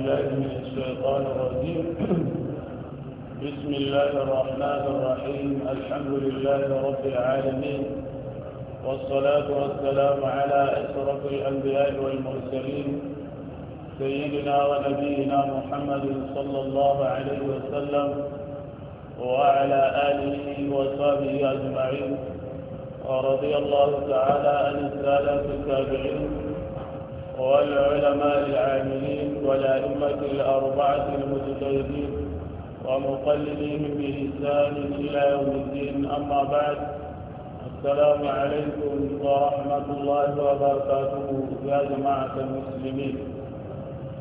بالله من الشيطان الرجيم بسم الله الرحمن الرحيم الحمد لله رب العالمين والصلاة والسلام على أشرف الأنبياء والمرسلين سيدنا ونبينا محمد صلى الله عليه وسلم وعلى آله وصحبه أجمعين ورضي الله تعالى عن السادة التابعين والعلماء العاملين والأئمة الأربعة المجتهدين ومقلدهم بلسان إلى يوم الدين أما بعد السلام عليكم ورحمة الله وبركاته يا جماعة المسلمين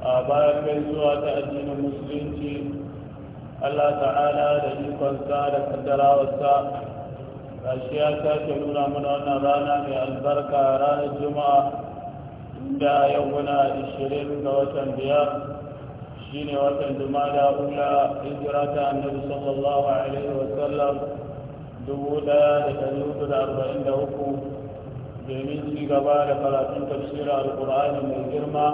أبارك سورة الدين المسلمين الله تعالى da ikonsa الدراء kaddarawarsa أشياء shi من sake رانا mana البركة رانا الجمعة da yau muna ishirin ga watan biyar shi ne watan jumada ula hijira ta annabi sallallahu alaihi wasallam uku domin ci gaba da karatun tafsirin alkur'ani mai girma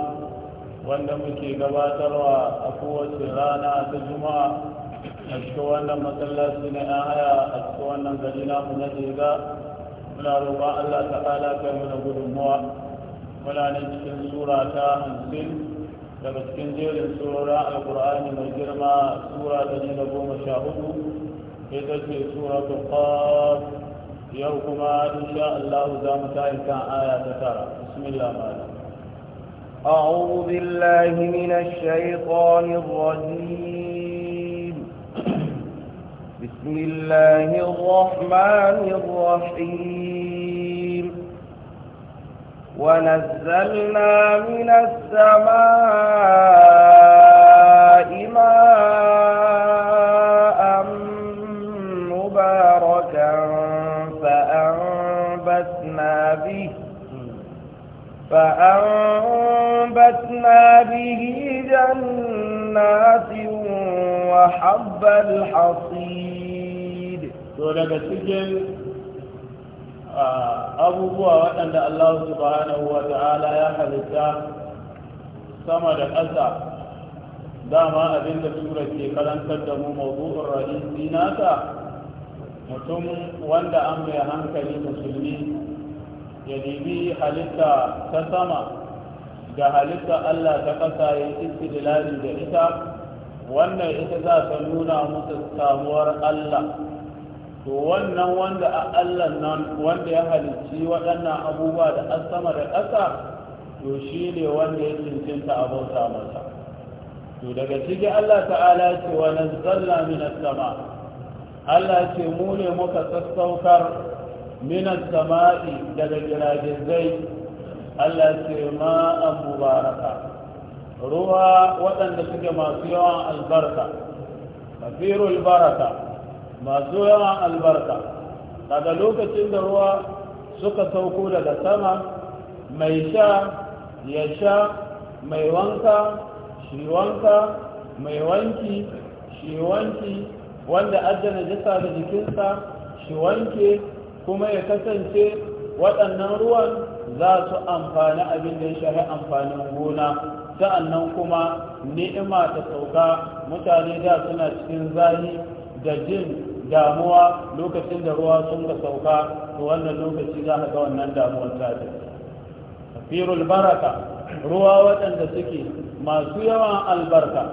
wanda muke gabatarwa a kowace rana ta juma'a a cikin wannan masallaci na ya haya a cikin wannan gari namu na jega muna roƙon allah ta'ala kai mana gudunmuwa ولا نجسن سورة أنسل لقد كنزل سورة القرآن من سورة الذي نقوم شاهده إذا سورة قاف يوكما إن شاء الله دام تلك آية ترى بسم الله ما أعوذ بالله من الشيطان الرجيم بسم الله الرحمن الرحيم ونزلنا من السماء ماء مباركا فأنبتنا به فأنبتنا به جنات وحب الحصيد abubuwa waɗanda Allah subhanahu wa ta'ala ya halitta sama da ƙasa dama abin da tura ke karantar da mu mazu'in rahisi nasa mutum wanda an mai hankali musulmi ya nemi halitta ta sama da halitta Allah ta ƙasa ya istidlali da ita wannan ita za ta nuna musu samuwar Allah to wannan wanda a Allah nan wanda ya halicci waɗannan abubuwa da an sama da ƙasa to shi ne wanda ya cincinta abin samunsa to daga ciki Allah ta'ala ce wa nazzalna minas sama Allah ce mu ne muka sassaukar minas sama'i daga giragizai Allah ce ma mubaraka ruwa waɗanda suke masu yawan albarka kafirul baraka masu yawan albarka daga lokacin da ruwa suka sauko daga sama mai sha ya sha mai wanka shi wanka mai wanki shi wanki wanda adana jisa da jikinsa shi wanke kuma ya kasance waɗannan ruwan za su amfani abin da ya shahi amfanin gona sa'annan kuma ni'ima ta sauka mutane da suna cikin zahi da jin damuwa lokacin da ruwa sun ka sauka to wannan lokaci za ka ga wannan damuwar ta ce firul baraka ruwa waɗanda suke masu yawan albarka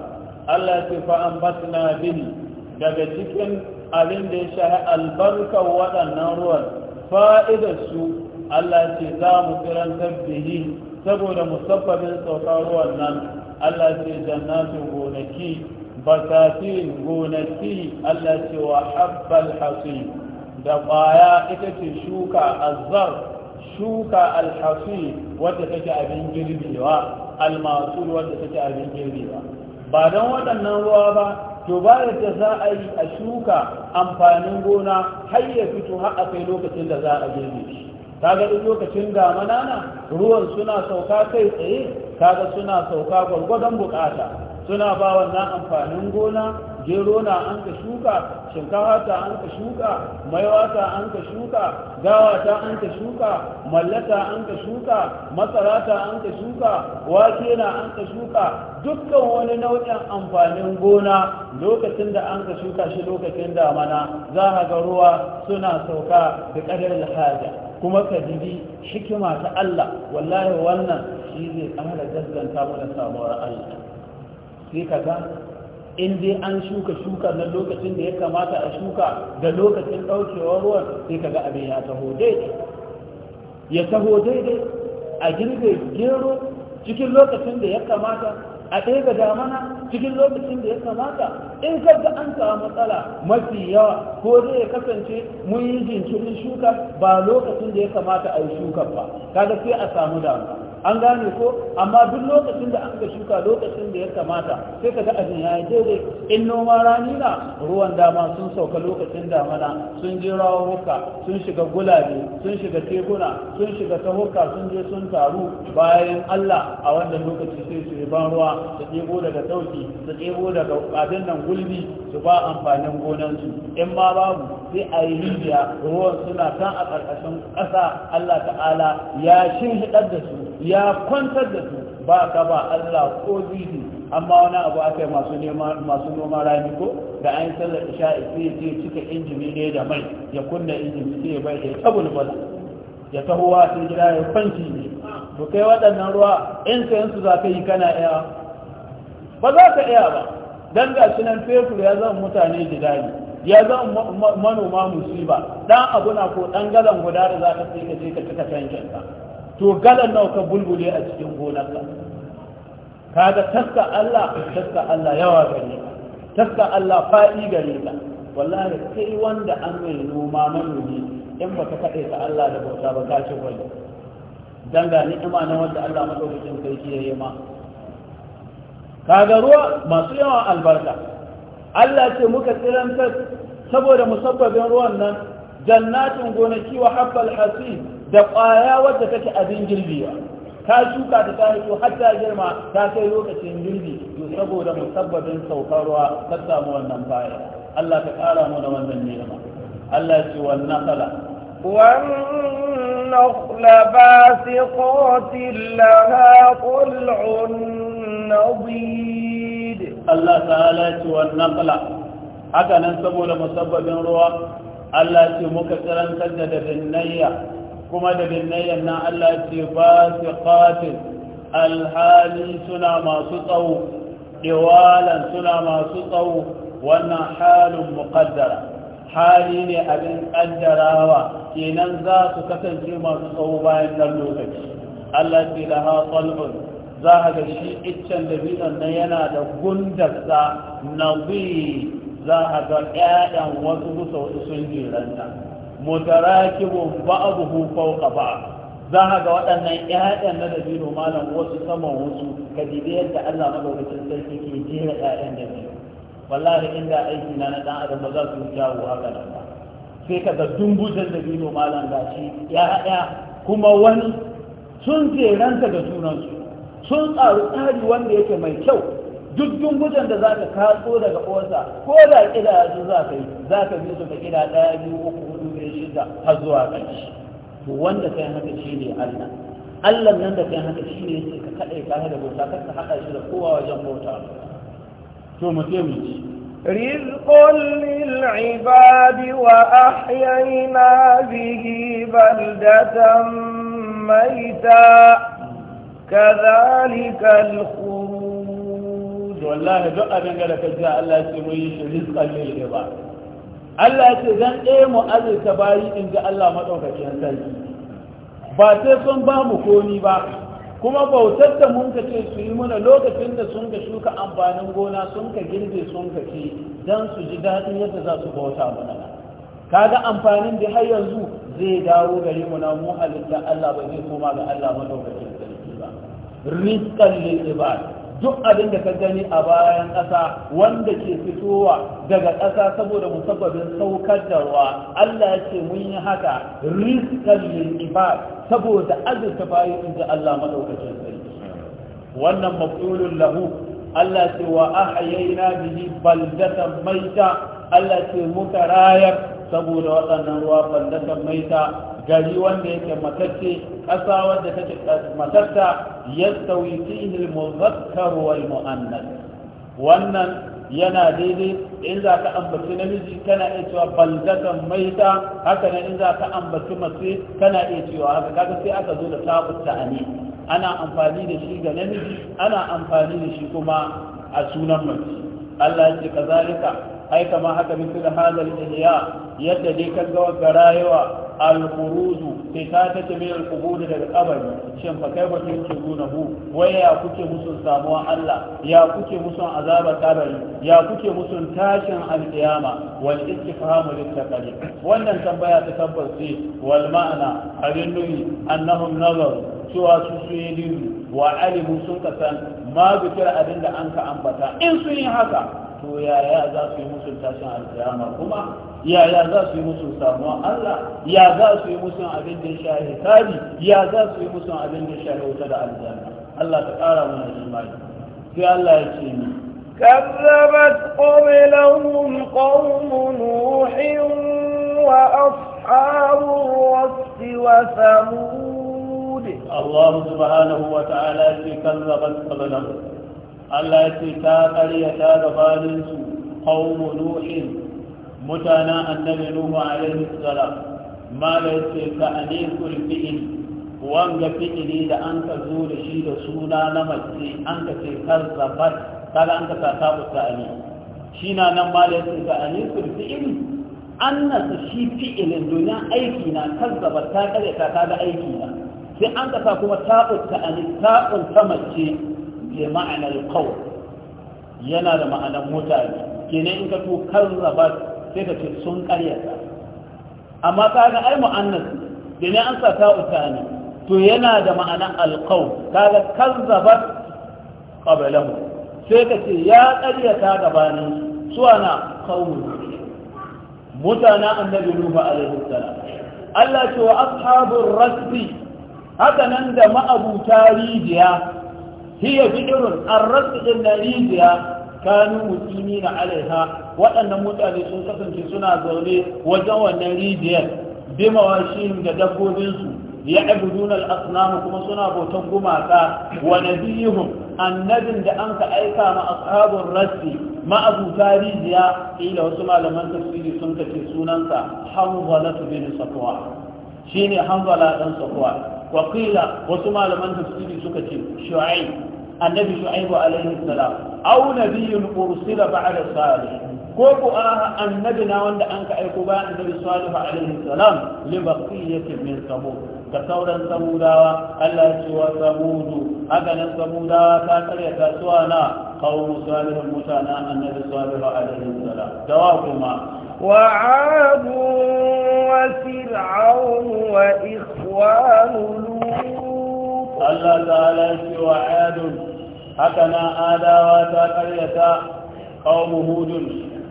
Allah ce fa ambatna bin daga cikin abin da ya shahi albarka waɗannan ruwan fa'idar su Allah ce za mu kirantar bihi saboda musabbabin sauka ruwan nan Allah ce jannatin gonaki basatin gonaki Allah ce wa habbal hasi da ƙwaya ita ce shuka azar, shuka alhasi wadda take abin girbewa almasul wadda take abin girbewa ba don waɗannan ruwa ba to ba da za a yi a shuka amfanin gona har ya fito har a kai lokacin da za a girbe shi kaga duk lokacin damana na ruwan suna sauka kai tsaye kaga suna sauka gwargwadon bukata suna ba wannan amfanin gona gero na an ka shuka shinkafa ta an ka shuka maiwa ta an ka shuka dawa ta an ka shuka mallata an ka shuka masara ta an ka shuka wake na an ka shuka dukkan wani nau'in amfanin gona lokacin da an ka shuka shi lokacin damana za a ga ruwa suna sauka da ƙadar haja kuma ka jibi hikima ta Allah wallahi wannan shi zai ƙara gaskanta mana samuwar Allah sai ga in dai an shuka shuka na lokacin da ya kamata a shuka da lokacin ɗaukewar ruwan sai kaga abin ya taho daidai ya taho daidai a girbe gero cikin lokacin da ya kamata a ɗaya ga damana cikin lokacin da ya kamata in kaga an samu matsala mafi yawa ko dai ya kasance mun yi jinkirin shuka ba lokacin da ya kamata a yi shuka ba kaga sai a samu damuwa an gane ko amma duk lokacin da an ga shuka lokacin da ya kamata sai ka ga abin ya yi daidai in noma rani na ruwan dama sun sauka lokacin damana sun je wuka, sun shiga gulabe sun shiga tekuna sun shiga tahuka sun je sun taru bayan Allah a wannan lokaci sai su yi ban ruwa su ɗebo daga sauki su ɗebo daga abin nan gulbi su ba amfanin gonansu in ma babu sai a yi rijiya ruwan suna kan a ƙarƙashin ƙasa Allah ta'ala ya shin hidar da su ya kwantar da su ba ka ba Allah ko zihi amma wani abu aka yi masu masu noma rani ko da an sallar isha sai je cika injini ne da mai ya kunna injini sai ya bai da tabul bala ya tahowa sai gida ya kwanci ne to kai waɗannan ruwa in sayan su za ka yi kana iya ba za ka iya ba dan ga shi nan fetur ya zama mutane jidali ya zama manoma musiba dan abu na ko dan galan guda da za ka sai ka je ka cika tankin ka to galan nawa ka bulbule a cikin gonarka kaga taska Allah taska Allah yawa gare ka taska Allah faɗi gare ka wallahi kai wanda an mai noma manomi in ba ka kaɗe ka Allah da bauta ba ka ci wani dan ga ni'ima na wanda Allah madaukakin sarki ya yi ma kaga ruwa masu yawan albarka Allah ce muka tsirantar saboda musabbabin ruwan nan jannatin gonaki wa habbal hasid da ƙwaya wadda take abin girbewa ta shuka da ta hito har ta girma ta kai lokacin girbi to saboda musabbabin saukarwa ta samu wannan baya Allah ka ƙara mana wannan ni'ima Allah ce wannan kala والنخل باسقات لها طلع نضيد الله تعالى والنخل haka nan saboda musabbabin ruwa Allah ce muka karantar da dabinnayya kuma da binnayen nan Allah ce ba su fatin alhali suna masu tsawo iwalan suna masu tsawo wannan halin mukaddara. hali ne abin kaddarawa kenan za su kasance masu tsawo bayan nan lokaci Allah ce laha qalbun za a ga shi iccen dabi'an nan yana da gundarsa na za a ga 'ya'yan wasu gusa sun jiranta mutarakibun ba'dahu fawqa ba'd za ga waɗannan ƴaƴan na dabino malam wasu saman wasu ka kadibe yadda Allah madaukakin sarki ke jera ƴaƴan dabino wallahi inda aiki na na dan adam ba za su jawo haka nan ba sai ka ga dumbutan dabino malam gashi ƴaƴa kuma wani sun jeranta da sunansu sun tsaru tsari wanda yake mai kyau duk dungujen da za ka kaso daga ƙosa ko da ƙida yanzu za ka yi za ka bi su ka ƙida ɗaya biyu uku shida har zuwa ƙarshe to wanda kai haka shine Allah Allah nan da kai haka shine yake ka kadai ka da bauta ka haɗa shi da kowa wajen bauta to mu ce mu ci رزقا للعباد وأحيينا به بلدة ميتا كذلك الخروج والله دعا من قال الله سيميش رزقا للعباد Allah ya ce zan ɗaya mu ta bayi in ji Allah maɗaukacin sarki ba sai sun ba mu ba kuma bautar da mun su yi muna lokacin da sun ka shuka amfanin gona sun ka girbe sun ka ci don su ji daɗin yadda za su bauta mana kaga amfanin da har yanzu zai dawo gare mu na mu halitta Allah ba zai koma ga Allah maɗaukacin sarki ba rizqan lil ibad duk abin da ka gani a bayan ƙasa wanda ke fitowa daga ƙasa saboda musabbabin saukar da ruwa Allah ya ce mun yi haka rizqan lil ibad saboda azurta bayi inda Allah madaukakin sarki wannan maqulun lahu Allah ce wa ahyayna bihi baldatan maita Allah ce muka rayar saboda waɗannan ruwa fallakan maita gari wanda yake matacce ƙasa wanda take matatta ya fihi al-muzakkar wal mu'annas wannan yana daidai in za ka ambaci namiji kana iya cewa baldatan maita haka ne in za ka ambaci mace kana iya cewa haka kaga sai aka zo da a ta'ani ana amfani da shi ga namiji ana amfani da shi kuma a sunan mace Allah ya ce kazalika ai kama haka hadari da ihya yadda dai kan ga garayewa al-khuruju ta take min al-qubur daga kabari shin fa kai bace tuzunahu ya kuke musu samuwa Allah ya kuke musun azaba kabari ya kuke musu tashin al-qiyama wal istifhamu lit-taqali wannan tambaya ta tabbaci wal ma'ana abin nuhi annahum nazaru cewa su su yi wa alimu sun kasan ma bikir abin da an ka ambata in sun yi haka to yaya za su yi musu tashin alkiyama kuma yaya za su yi musu samuwa Allah ya za su yi musu abin da ya shahi kari ya za su yi musu abin da ya shahi wuta da aljanna Allah ta ƙara mana imani sai Allah ya ce ni كذبت قبلهم قوم نوح وأصحاب الرس وثمود الله سبحانه وتعالى كذبت قبلهم Allah ya ce ta ƙaryata gabaninsu qaumu nuhin mutanen annabi nuhu alaihi salam ma da yace ka anekul fi'il wanga fi'ili da an ka zo da shi da suna na mace an ka ce karzabat kaga an ka ta sabu ta'ani shi na nan ma da yace ka anekul fi'il an su shi fi'ilin domin aiki na karzabat ta ƙaryata ta da aiki na sai an ka sa kuma ta'ut ta'ani ta'un ta mace bi ma'anar qawl yana da ma'anar mutane kenan in ka to karrabat sai ka ce sun karyata amma ka ga ai mu'annas kenan an sa ta utani to yana da ma'anar alqawl kaga karrabat qablahu sai ka ce ya karyata gabanin suwana qawmun mutana annabi nuhu alaihi salam Allah ce wa ashabur rasbi haka nan da ma'abuta rijiya hiya bidrun arrasu din narijiya kanu mutini na alaiha waɗannan mutane sun kasance suna zaune wajen wannan rijiyar bimawashin da dabbobinsu ya abudun al'asnamu kuma suna bautan gumaka wa nabiyuhum annabin da an ka aika ma ashabun rassi ma'abuta rijiya ila wasu malaman tafsiri sun kace sunansa hanzala bin safwa shine hanzala dan safwa wa wasu malaman tafsiri suka ce shu'aib annabi shu'aibu alaihi salam aw nabiyyun ursila ba'da salih ko ku aha annabi na wanda an ka aiko bayan annabi salihu alaihi salam li baqiyati min samud da sauran samudawa Allah ya ce wa samudu haka nan samudawa ta karya kasuwa na kawo salihin mutanen annabi salihu alaihi salam dawa kuma wa wa وعاد wa وإخوان لوط Allah ta'ala ce wa adun haka na adawa ta karyata qaumu hudun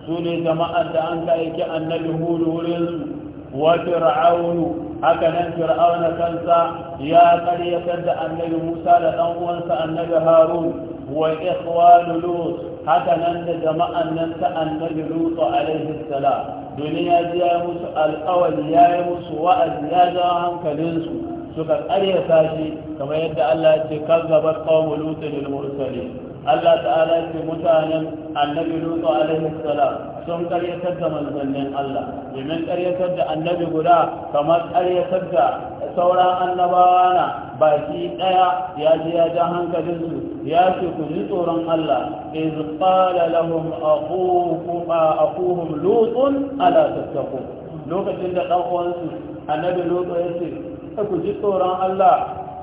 su ne jama'ar da an ka aiki annabi hudu wurinsu. wa fir'aunu haka nan fir'auna kansa ya karyatar da annabi Musa da ɗan'uwansa annabi Harun wa ikhwanu Lut haka nan da jama'an nan ta annabi Lut alaihi salam duniya ji ya musu alƙawari ya yi musu wa'azi ya jawo hankalinsu suka ƙaryata shi kamar yadda Allah ya ce kazzabat qawmu lutin lil mursalin Allah ta'ala ce mutanen annabi lutu alaihi salam sun karyatar da manzannin Allah domin karyatar da annabi guda kamar ƙaryatar da sauran annabawa na baki ɗaya ya ji ya ja hankalinsu ya ce ku ji tsoron Allah iz qala lahum aqukum aquhum lutun ala tattaqu lokacin da dan uwansu annabi lutu ya ce ku ji tsoron Allah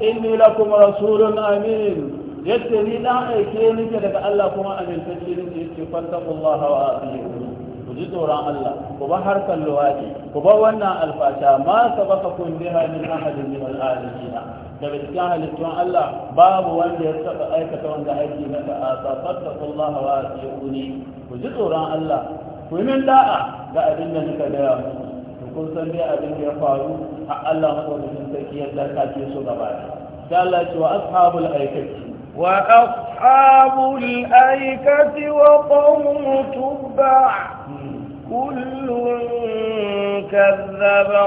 inni kuma rasulun amin yadda ni dan aike nake daga Allah kuma amintacce nake yace fattaqullaha wa atiyu ku ji tsoron Allah ku ba harkar luwadi ku ba wannan alfasha ma sabaka kun biha min ahadin min al-alamin daga cikin halittun Allah babu wanda ya taɓa aikata wanda aiki na ta'asa fattaqullaha wa atiyuni ku ji tsoron Allah ku yi min da'a ga abin da nika gaya muku kun san dai abin da ya faru a Allah madaukakin sarki ya tsarkake su gaba da sai Allah ce wa ashabul aikati wa ashabul aikati wa qawmu tubba kullun kazzaba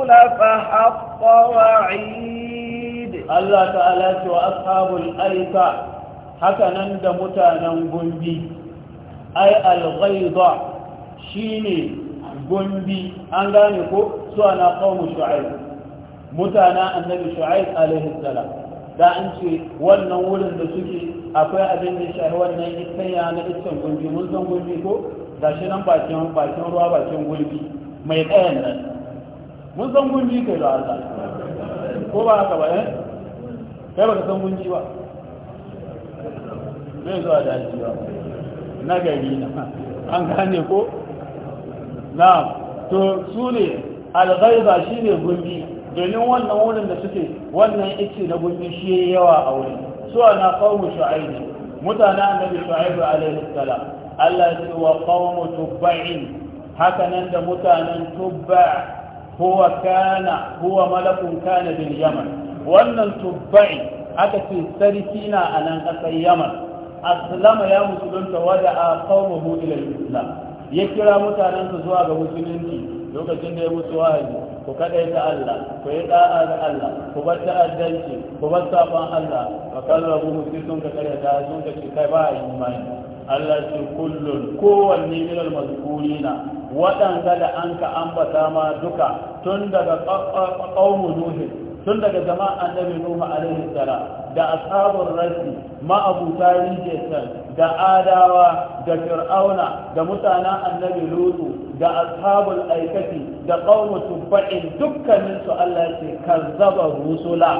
ar fa haqqa wa'id Allah ta'ala ce wa ashabul aika haka nan da mutanen gumbi ai al-ghaidha shine gombi an gane ko su ana kawo shu'aib mutana annabi shu'aib alaihi salam da an ce wannan wurin da suke akwai abin da shahi wannan ikanya na iccen gombi mun san gombi ko shi nan bakin bakin ruwa bakin gombi mai tsayan nan mun san gombi kai da Allah ko ba haka ba eh kai ba ka san gombi ba zai zuwa daji ba na gari na an gane ko na'am to su ne shi shine gumbi domin wannan wurin da suke wannan ice na gumbi shi yayi yawa a wurin su ana qaumu shu'aib mutana annabi shu'aib alaihi salam Allah ya ce wa qaumu tubba'in haka nan da mutanen tubba huwa kana huwa malakun kana bil yaman wannan tubba'i aka ce sarki na anan kasar yaman aslama ya musulunta wada a qaumuhu ila islam ya kira mutanen su zuwa ga musulunci lokacin da ya mutu wahayi ku kadai ta Allah ku yi da'a ga Allah ku bar ta'addanci ku bar safan Allah kallon kallabu sai sun ka kare ta sun ka kai ba imani Allah ce kullun kowanne minal mazkurina waɗanda da an ka ambata ma duka tun daga ƙaumu nuhin tun daga zama annabi nuhu alaihi salam da asabar rasi ma'abuta rijiyar da adawa da fir'auna da mutanen annabi lutu da asabar aikati da qaumu tubba'in dukkanin su Allah ya ce zaba rusula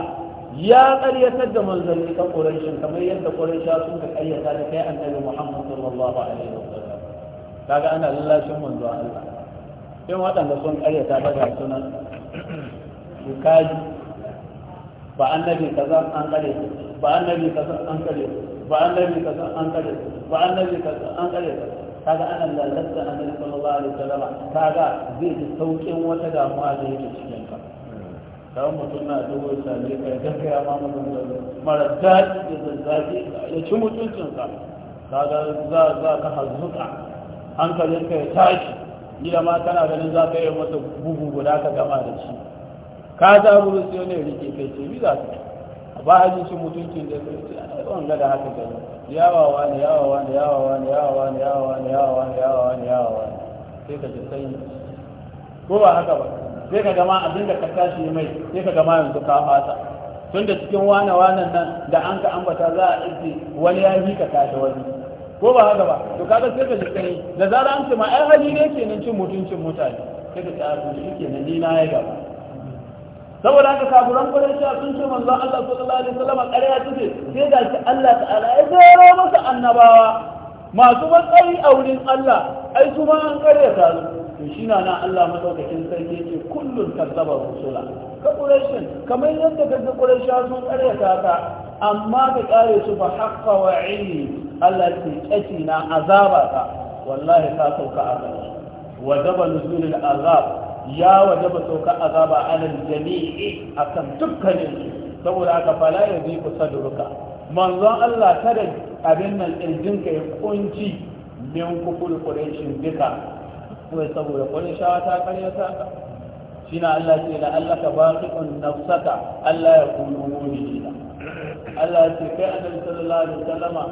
ya ƙaryatar da manzanni ta ƙuraishin kamar yadda ƙuraisha sun ka ƙaryata da kai annabi muhammad sallallahu alaihi wasallam kaga ana lallashin manzo Allah in waɗanda sun ƙaryata ba ga sunan kaji ba annabi kaza an kare su ba annabi kaza an kare su ba annabi kaza an kare su ba annabi kaza an kare su kaga ana lalatta annabi sallallahu alaihi wasallam kaga zai ji saukin wata damuwa da yake cikin ka kawai mutum na dubo sami kai ya ma mutum da mara daɗi da zazzafi ya ci mutuncinsa kaga za za ka hazuka hankalinka ya tashi da ma kana ganin za ka yi masa bugu guda ka gama da shi ka za mu rusu ne rike kai ce bi za su a ba hajji shi mutuncin da ya ce a yawan gada haka gani yawawa ne yawawa ne yawawa ne yawawa ne yawawa ne yawawa ne yawawa ne yawawa ne sai ka sai sanyi ko ba haka ba sai ka gama abin da ka tashi mai sai ka gama yanzu ka fata tun da cikin wane wane nan da an ka ambata za a ɗauke wani ya yi ka tashi wani ko ba haka ba to kaga sai ka ji sai da zara an ce ma ai hali ne kenan cin mutuncin mutane sai ka ce a to shi ni na ya gaba saboda haka kafiran quraisha sun ce manzon Allah sallallahu alaihi Salama, ƙarya suke sai ga shi Allah ta'ala ya zero masa annabawa masu matsayi a wurin Allah ai su ma an ƙaryata su to shi na nan Allah madaukakin sarki yake kullum kazzaba rusula ka quraishin kamar yadda kaga quraisha sun ƙaryata ka amma ka kare su fa haqqa wa ilmi Allah ke kaci na azaba ka wallahi ka sauka a wa dabal nuzulil azab ya wajaba saukar azaba alal jami'i akan dukkanin saboda haka fala ya zai kusa da duruka manzon Allah kada abin nan irjinka ya kunci min kukul quraishin duka wai saboda quraishawa ta karyata shine Allah ce la allaka baqi'un nafsaka Allah ya kunu mu'minina Allah ce kai annabi sallallahu alaihi wasallama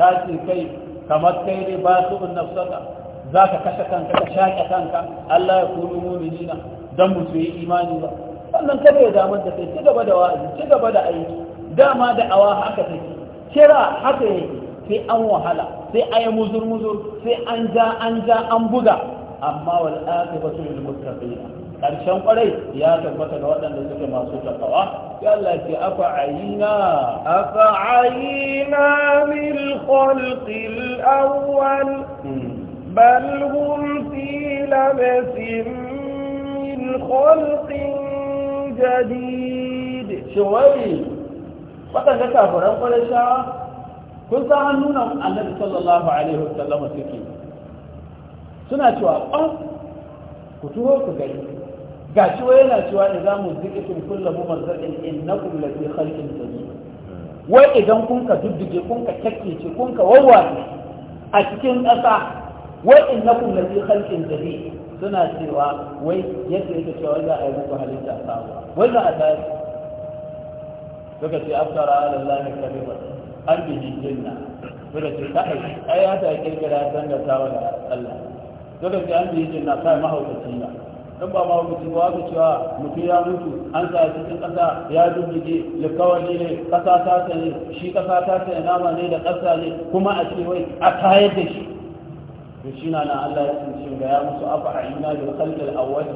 ka ce kai kamar kai ne baqi'un nafsaka za ka kashe kanka ka shaƙe kanka Allah ya kunu mu'minina don mu yi imani ba wannan kada ya damar da kai ci gaba da wa'azi ci gaba da aiki dama da awa haka take kira haka yake sai an wahala sai an yi muzur-muzur sai an ja an ja an buga amma wal akibatu lil muttaqin karshen kwarai ya tabbata ga waɗanda suke masu takawa ya Allah ce afa ayina afa ayina min khalqil awwal بل هم في لبس من خلق جديد شوي waɗanda kafiran ƙwarashawa kun sa hannunan sallallahu alaihi wasallam suke suna cewa ƙwan ku tuho ku gani ga ciwo yana cewa da za mu zikitin kullamu marzarɗin innakum lafi khalqin jadid wai idan kun ka duddige kun ka kun ka a cikin ƙasa wai na kuma fi khalqin jadid suna cewa wai yadda yake cewa za a yi muku halitta sabuwa wai za a tashi suka ce aftara ala allahi kadiba an bi suka ce kai ai ya ta kirkira dangata wa Allah suka ce an bi jinna kai mahaukaci na don ba mahaukaci ba cewa mutum ya mutu an sa cikin ƙasa ya dubbuke likawali ne ƙasa ta sanye shi ƙasa ta sanye nama ne da ƙasa ne kuma a ce wai a tayar da shi to shi na nan Allah ya tsinci ga ya musu afa a ina da kalkal awwal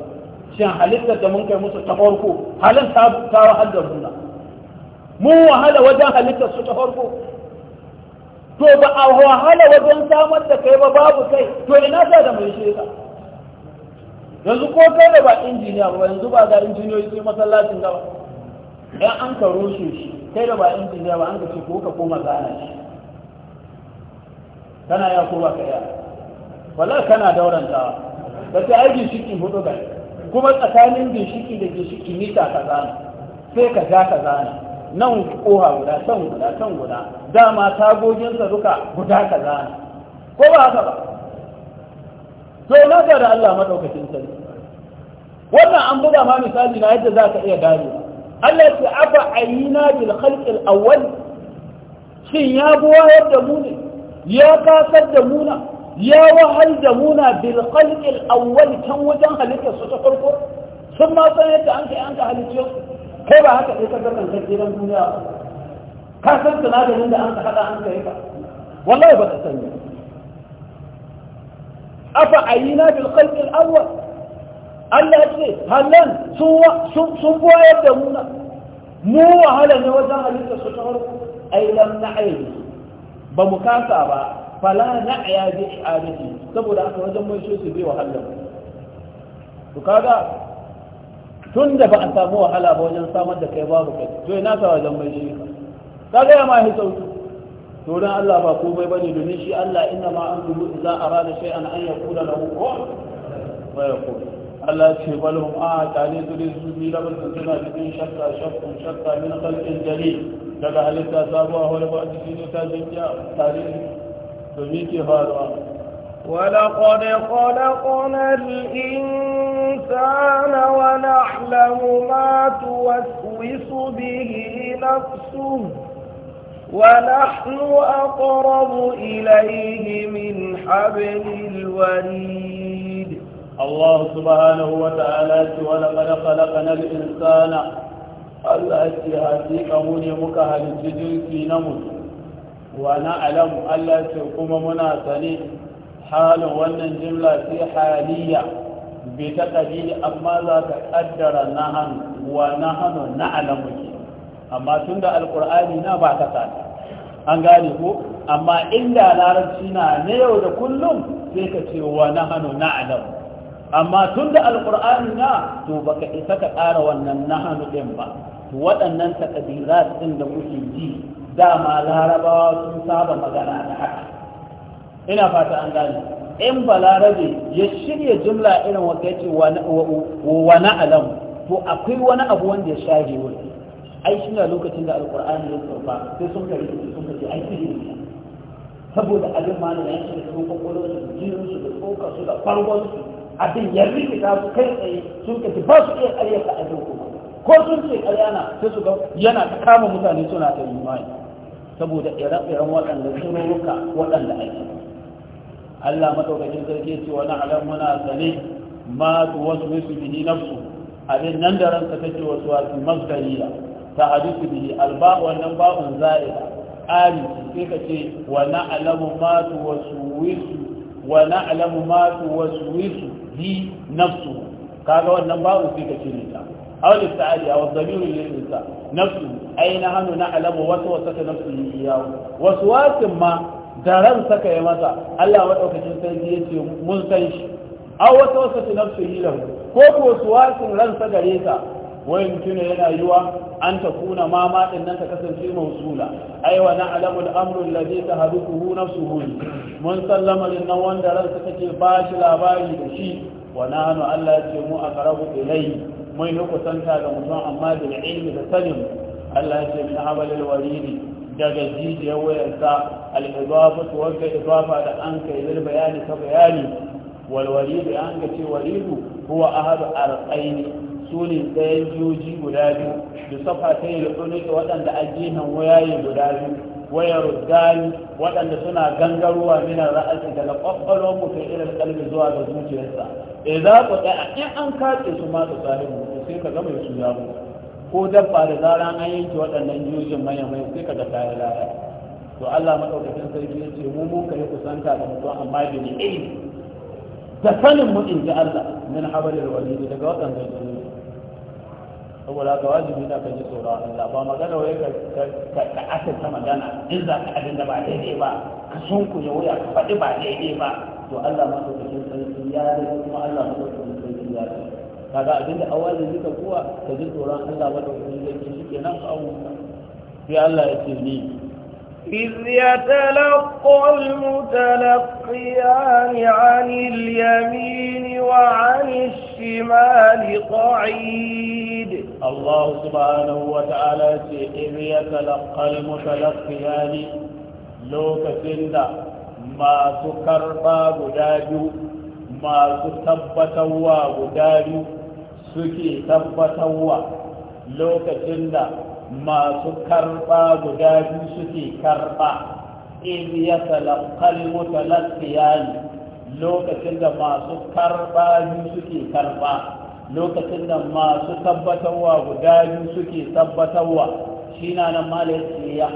shin halittar da mun kai musu ta farko halin ta wahal da muna mun wahala wajen halittar su ta farko to ba a wahala wajen samar da kai ba babu kai to ina sa da mai shi yanzu ko kai da ba injiniya ba yanzu ba ga injiniyoyi sai masallacin gaba dan an ka rushe shi kai da ba injiniya ba an ka ce ko ka koma gana shi kana ya ko ba ka iya wala kana ta ba sai ai ginshiki hudu ba kuma tsakanin ginshiki da ginshiki mita ka zana sai ka ja ka zana nan koha guda can guda can guda dama tagoginsa duka guda ka zana ko ba haka ba to na ga da Allah madaukakin sarki wannan an buga ma misali na yadda za ka iya gane Allah ya ce afa ayina bil khalqil awwal shin ya buwa yadda mu ne ya kasar da muna ya wahal da muna bil khalqil awwal kan wajen halittar su ta farko sun ma san yadda an kai an ka halitta Ko ba haka sai ka ga kan gidan duniya ba? ka san sinadarin da an ka hada an ka yi ka wallahi ba ka sani afa ayina bil khalqil awwal Allah ce halan sun koyar da muna mu wahala ne wajen halittar su ta farko ai lam na'ayni ba mu kasa ba fala na'ya bi i'adati saboda aka wajen mai shi bai wahala to kaga tun da ba a samu wahala ba wajen samar da kai babu kai to ina ka wajen mai shi kaga gaya ma yi sauki to dan Allah ba ko bai bane domin shi Allah inna ma an dubu idza arada shay'an an yaqula lahu kun wa yaqul Allah ce bal hum a tare su ne su bi rabul suna cikin shakka shakkun shakka min khalqin jalil daga halitta sabuwa wani ba cikin ta jinya tare ولقد خلقنا الإنسان ونعلم ما توسوس به نفسه ونحن أقرب إليه من حبل الوريد الله سبحانه وتعالى ولقد خلقنا الإنسان الله أتي هاتيك موني مكهل في نمت wa na'alamu Allah ce kuma muna sani halin wannan jimla sai haliya bai ta kadiri amma za ta ka kaddara nahan wa na nahanu na'lamu ke amma tun da alqur'ani na ba ta sata an gane ko amma inda larabci na na yau da kullum sai ka ce wa na nahanu na'lamu amma tun da alkur'ani na to baka isa ka ƙara wannan na hannu ɗin ba waɗannan takadirat ɗin da kuke ji dama larabawa sun saba magana da haka ina fata an gane in balarabe ya shirya jumla irin wata ya ce wa na'alam to akwai wani abu wanda ya shaje wani ai shi ne lokacin da alkur'ani ya tsofa sai sun kare su sun kace ai ne saboda abin ma da yanki da sun kwakwalo su jirin su da tsoka su da farkon su abin ya rikita su kai tsaye sun kace ba su iya ka ajin kuma ko sun ce karyana sai su ga yana kama mutane suna ta yi mai saboda ire-iren waɗanda shirurruka waɗanda ake Allah madaukakin sarki ce wani alam muna sane ma tu wasu wasu bihi nafsu abin nan da ranka take wasu wasu masdariya ta hadisu bihi alba wannan ba'un za'ida ali sai ka ce Wani na'lamu ma tu wasu wasu wa na'lamu ma tu wasu wasu bi nafsu kaga wannan ba'un sai ka ce cire ta aw lista'ali aw dhamiru lil insan nafsu ai na hannu na alamu wasu wasu ta nafsu yi yawo wasu wasin ma da ran saka ya masa Allah maɗaukacin sarki ya ce mun san shi aw wasu wasu ta nafsu yi lahu ko ko wasu wasin ran sa gare sa wayan tuna yana yiwa an ta kuna ma ma din nan ta kasance mausula ai wa na alamu al-amru alladhi tahadukuhu nafsuhu mun sallama lin nan wanda ran sa take ba shi labari da shi wa nahnu Allah ya ce mu aqrabu ilayhi Mai yi kusanta ga mutum amma da ilmi da sanin Allah ya ce na habalil waridi daga jijiyar wayarsa al su to wanda da an kai zil bayani ta bayani walwari da an ga ce waridu a ahadu su ne ɗayan joji guda biyu da safa ta yi da waɗanda ajihan wayaye guda biyu wayar gani waɗanda suna gangarowa minar ra'asi daga ƙwaƙƙwalwar mutum irin ƙalbi zuwa ga zuciyarsa da eh, za ku tsaya in an kace su ma tsarin mutu sai ka zama su ya ko dabba da zaran an yanke waɗannan jirgin manyan mai sai ka ga ya lara to Allah madaukakin sarki ya ce mu mun yi kusanta da mutum amma da ni da sanin mu in ji Allah min wani ne daga waɗannan jirgin saboda ka wajibi na kan ji tsoron Allah ba magana wai ka ka asirta magana in za ka abin da ba daidai ba ka sunkuye wuya ka faɗi ba daidai ba وألا مخلوق الشمس والسيارة وألا مخلوق الشمس والسيارة هذا أدل أول ذلك هو تجد أوران الله وتوحيد ذلك الشيء نقع في الله إذ يتلقى المتلقيان عن اليمين وعن الشمال قعيد الله سبحانه وتعالى إذ يتلقى المتلقيان لو كسندا masu karɓa guda biyu masu tabbatarwa guda biyu suke tabbatarwa lokacin da masu karɓa guda biyu suke karɓa in ya talakkal mutalakkiya lokacin da masu karɓa biyu suke karɓa lokacin da masu tabbatarwa guda biyu suke tabbatarwa shi na nan mala ya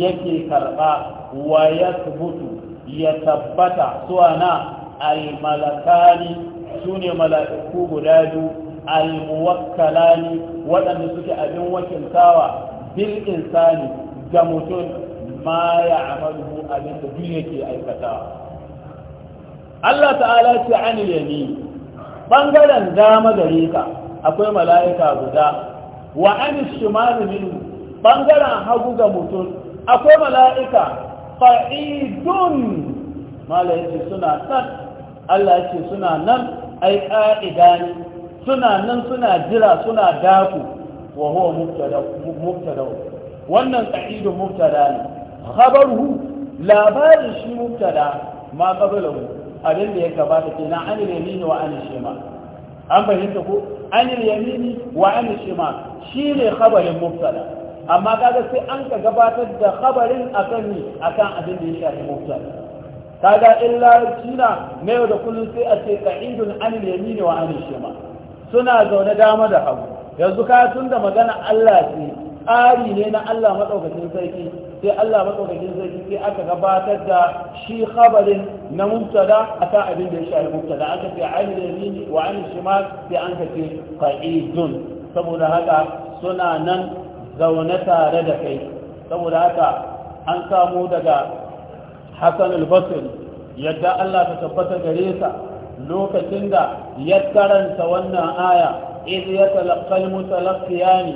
yake karɓa wa yathbutu ya tabbata suwa na almalakani sune mala'iku guda biyu almuwakkalani waɗanda suke abin wakiltawa bil insani ga mutum ma ya amalu abin da duk yake aikata Allah ta'ala ce an yami bangaren dama gare ka akwai mala'ika guda wa an shimalu min bangaren hagu ga mutum akwai mala'ika qa'idun mala yace suna nan Allah yace suna nan ai ƙa'ida ne suna nan suna jira suna daku wa huwa mubtada mubtada wannan qa'idun mubtada ne khabaruhu labarin shi mubtada ma qablahu abin da ya gabata kenan an yamin wa an shima an bayyana ko an yamini wa an shima shi ne khabarin mubtada amma kaga sai an ka gabatar da khabarin akan ni akan abin da ya shafi mubtada kaga in larabci na na yau da kullum sai a ce qa'idun an yamini wa an shima suna zaune dama da hagu yanzu ka tun da magana Allah ce tsari ne na Allah madaukakin sarki sai Allah madaukakin sarki sai aka gabatar da shi khabarin na mubtada akan abin da ya shafi mubtada aka ce an yamini wa an shima sai an ka ce qa'idun saboda haka suna nan zaune tare da kai saboda haka an samu daga hassan al-basri yadda allah ta tabbata gare sa lokacin da ya karanta wannan aya idh ya talaqqal mutalaqqiyani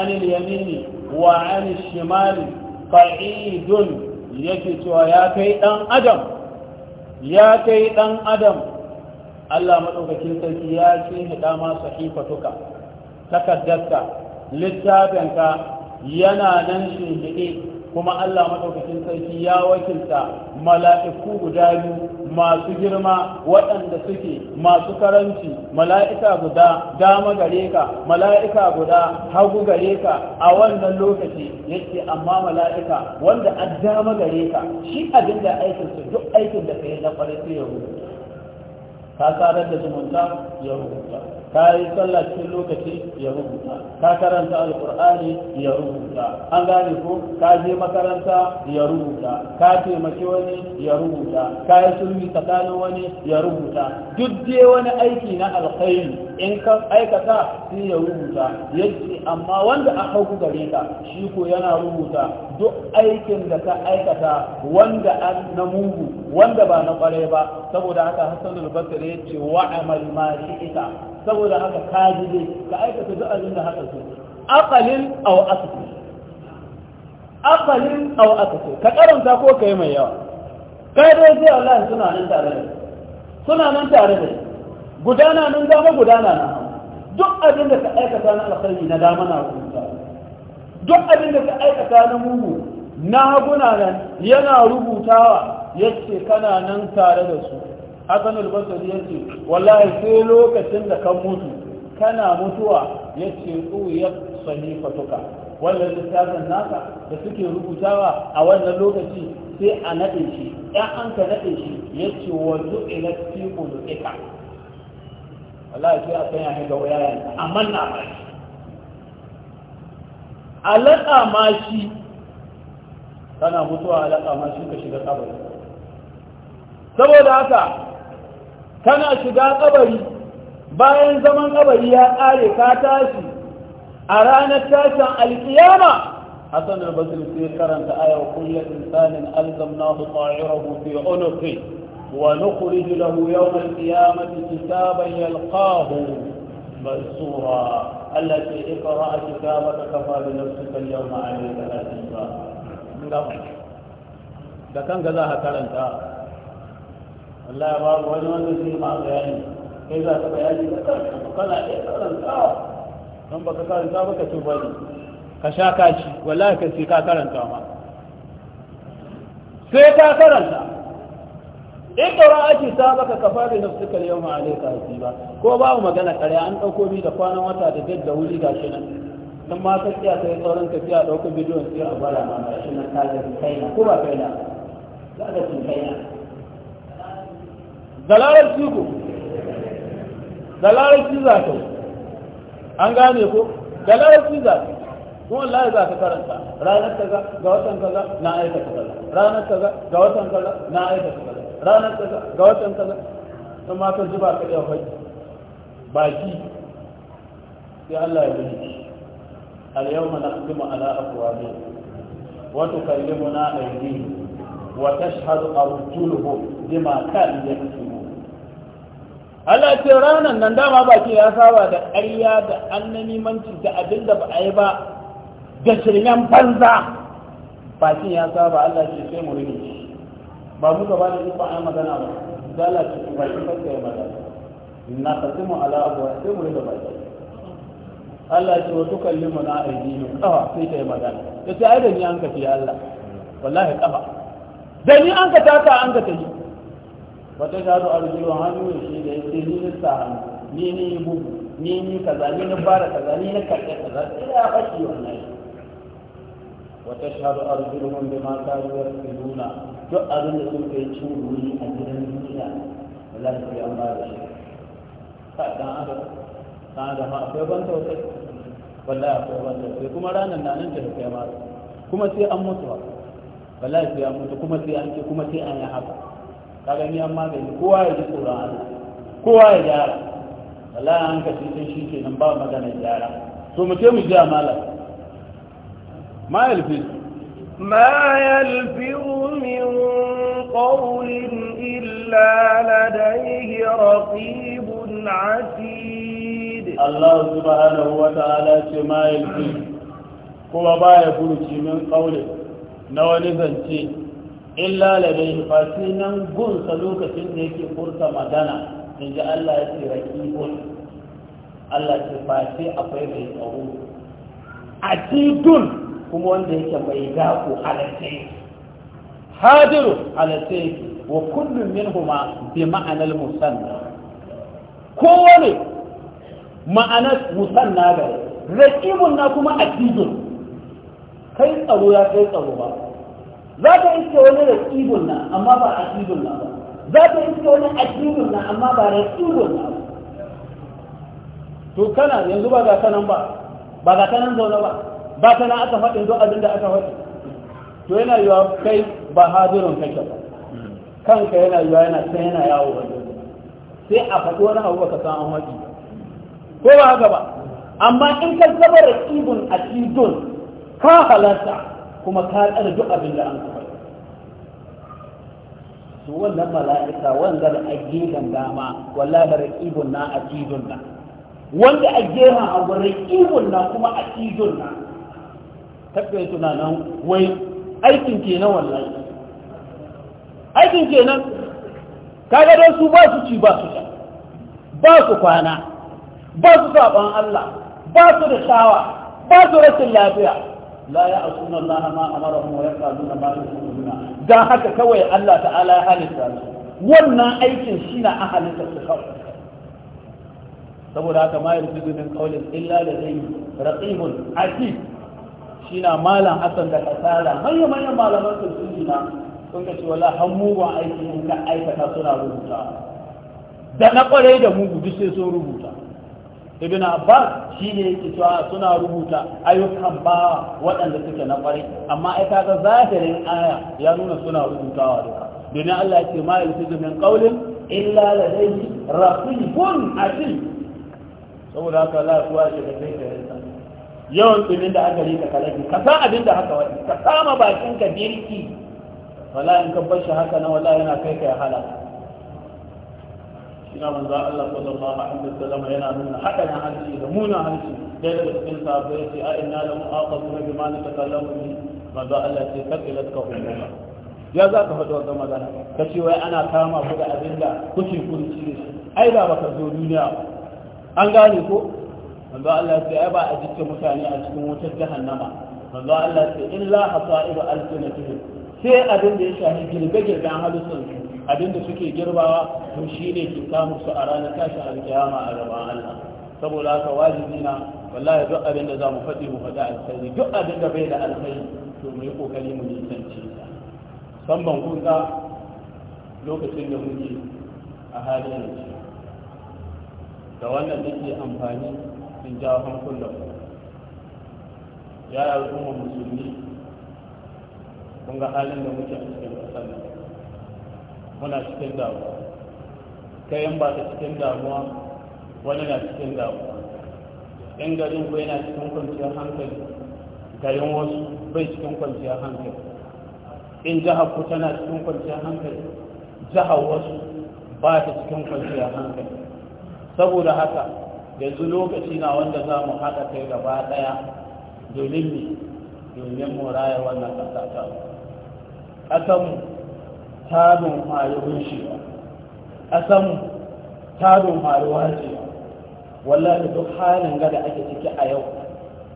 an al-yamini wa an al-shimali qa'idun yake cewa ya kai dan adam ya kai dan adam Allah madaukakin sarki ya ce hidama sahifatuka takaddarka littafinka yana nan shingide kuma Allah maɗaukacin sarki ya wakilta mala'iku guda biyu masu girma waɗanda suke masu karanci mala'ika guda dama gare ka mala'ika guda hagu gare ka a wannan lokaci yake amma mala'ika wanda a dama gare ka shi abin da su duk aikin da ka yi na ƙwarai ya rubuta ka tsarar da zumunta ya rubuta ka yi sallah lokaci ya rubuta ka karanta alkur'ani ya rubuta an gane ko ka je makaranta ya rubuta ka taimaki wani ya rubuta ka yi sulhi tsakanin wani ya rubuta duk dai wani aiki na alkhairi in ka aikata sai ya rubuta yace amma wanda a hauku gare ka shi ko yana rubuta duk aikin da ka aikata wanda an na mugu wanda ba na kwarai ba saboda haka hasanul basri ya ce wa'amal ma shi'ita saboda haka ka ji ka aikata duk abin da haka so aqalin aw asfi aqalin aw asfi ka karanta ko kai mai yawa kai dai sai Allah suna nan tare da suna nan tare da gudana nan dama gudana na duk abin da ka aikata na alkhairi na dama na rubuta duk abin da ka aikata na mugu na guna nan yana rubutawa yace kana nan tare da su hasan al-basri yace wallahi sai lokacin da kan mutu kana mutuwa yace ya sahifatuka wannan littafin naka da suke rubutawa a wannan lokaci sai a nade shi ya an ka nade shi yace wazu ila tiqulu ika wallahi sai a san sanya da wayayen amma na ba shi alaka ma shi kana mutuwa alaka ma shi ka shiga kabari saboda haka kana shiga kabari bayan zaman kabari ya kare ka tashi a ranar tashin alkiyama hasan al-basri sai karanta aya wa kullu insanin alzamnahu ta'irahu fi unuqi wa nukhrij lahu yawm al-qiyamati kitaban yalqahu mansura التي اقرأ كتابك كفى بنفسك اليوم عليك حسيبا da kanka za ka karanta ya ba babu wani wanda zai ma bayani kai za ka bayani ka karanta kana iya karanta don baka karanta baka ce bari ka sha kashi wallahi ka ci, ka karanta ma sai ka karanta in ɗaura ake sa baka kafa da nafsuka yau ma alaika hasiba ko babu magana ƙarya an dauko bi da kwanan wata da dad da wuri shi nan dan ma ka tsaya sai sauran tafiya ɗauko bidiyon sai a gwada ma shi nan ka ga kai na, ko ba kai na? za ka ci na. zalarar ciko zalarar ci za ta an gane ko zalarar ci za ta kuma Allah za ka karanta ranar kaza ga watan kaza na aikata kaza ranar kaza ga watan kaza na aikata kaza ranar kaza ga watan kaza in matar ji ba ka iya fai baki sai Allah ya gani al-yawma naqdimu ala aqwamihim وتكلمنا أيديهم وتشهد أرجلهم بما كانوا يكسبون Allah ce ranar nan dama baki ya saba da ƙarya da mancin da abin da ba a yi ba da shirmen banza bakin ya saba Allah ce sai mu rini ba mu ba da duk a magana ba da Allah ce ku bakin ba ya magana na tasimu ala abuwa sai mu rini baki Allah ce wa tukallimu na aidinu kawa sai ta yi magana ya sai ai da ni an ka ce Allah wallahi kafa da ni an ka taka an ka ta yi wata ta zo arjiyo hannu ya shi da ya ce ni na sa hannu ni ni bugu ni ni kaza ni na fara kaza ni na karɓe kaza sai ya fashi wannan wata ta zo arjiyo wanda mata ruwa su nuna duk abin da suka yi cin wuri a gidan duniya za su yi amma da shi ka dan adam dan adam akwai ban tausayi wallahi akwai ban tausayi kuma ranar na nan ta kai ma kuma sai an mutuwa wallahi sai an mutu kuma sai an ce kuma sai an yi haka ka gani an magani kowa ya ji tsoron Allah kowa ya gyara wallahi an ka cikin shi ke nan ba magana gyara to mu ce mu ji amala ma yalfi ma yalfi min qawlin illa ladayhi raqibun atid Allah subhanahu wa ta'ala ce ma yalfi kuma ba ya furuci min qawlin na wani zance illa ladai fasi nan gunsa lokacin da yake furta magana in ji Allah ya ce rakibun. Allah ce fasi akwai mai tsaro a tidun kuma wanda yake mai dako halatta hadiru halatta wa kullum min huma bi ma'anar musanna kowane ma'anar musanna ga raƙibun na kuma a tidun kai tsaro ya kai tsaro ba za ka iske wani rasibun na amma ba asibun na ba za ka iske wani asibun na amma ba rasibun na ba to kana yanzu ba ga kanan ba ba ga kanan zaune ba ba kana aka faɗin zo abin da aka faɗi to yana yiwa kai ba hadirin kake ba kanka yana yiwa yana sai yana yawo wajen sai a faɗi wani abu ka san an waɗi ko ba haka ba amma in ka zama da ibun a ka halarta kuma ka tsara duk abin da an kafa su wannan mala'ika wanda da a gefen dama da raqibun na atidun na wanda a gefen abu raqibun na kuma atidun na tabbai tunanan wai aikin ke na wallahi aikin kenan kaga don su ba su ci ba su sha ba su kwana ba su saban Allah ba su da shawa ba su rashin lafiya la ya asuna Allah ma amarahum wa yaqaduna ma yusununa da haka kawai Allah ta'ala ya halitta su wannan aikin shi na ahalinta su kawai saboda haka ma yarjidu min qawlin illa da ladayhi raqibun atid shi na malam hasan da kasala manyan manyan malaman tafsiri na sun ka ce wala har mugun aiki ka aikata suna rubuta da na kwarai da mugu duk sai sun rubuta ibn abbas shi ne yake cewa suna rubuta ayyukan bawa waɗanda suke na ƙwarai amma ai kaga zahirin aya ya nuna suna rubutawa duka domin Allah ya ce ma yalfizu min qawlin illa ladayhi raqibun atid saboda haka Allah kuwa shi da kai ka yawan tsimin da aka rika kalabi ka san abin da haka wani ka sama bakin ka birki wala in ka bar shi haka na wala yana kai ka ya halaka ina manzo Allah sallallahu alaihi wasallam yana nuna hadana hanci da muna hanci da daga cikin sahabbai yace a inna la mu'aqabuna bima natakallamu bi manzo Allah ce kabilat ka hukuma ya za ka faɗi wannan magana ka ce wai ana kama ku da abin da kuke kurci da shi ai da baka zo duniya an gane ko manzo Allah ce ai ba a jikke mutane a cikin wutar jahannama manzo Allah ce illa hasaibu alsinatihim sai abin da ya shafi girbe-girben halussansu abinda suke girbawa to shine ke samu su a ranar tashin alkiyama a gaban Allah saboda haka wajibi na wallahi duk abin da zamu faɗi mu faɗi alkhairi duk abin da bai da alkhairi to mu yi kokari mu nisanci ta musamman kun lokacin da muke a halin yanzu da wannan nake amfani in jawo hankulan ku ya al'ummar musulmi kun ga halin da muke a cikin ƙasar nan muna cikin damuwa kayan ba ta cikin damuwa wani na cikin damuwa in garin ku yana cikin kwanciyar hankali garin wasu bai cikin kwanciyar hankali in jihar ku tana cikin kwanciyar hankali jihar wasu ba ta cikin kwanciyar hankali saboda haka yanzu lokaci na wanda za mu haɗa kai gaba ɗaya domin domin mu raya wannan ƙasa ta mu tadon faruwar shi a samu tadon faruwa ce wallahi duk halin gada ake ciki a yau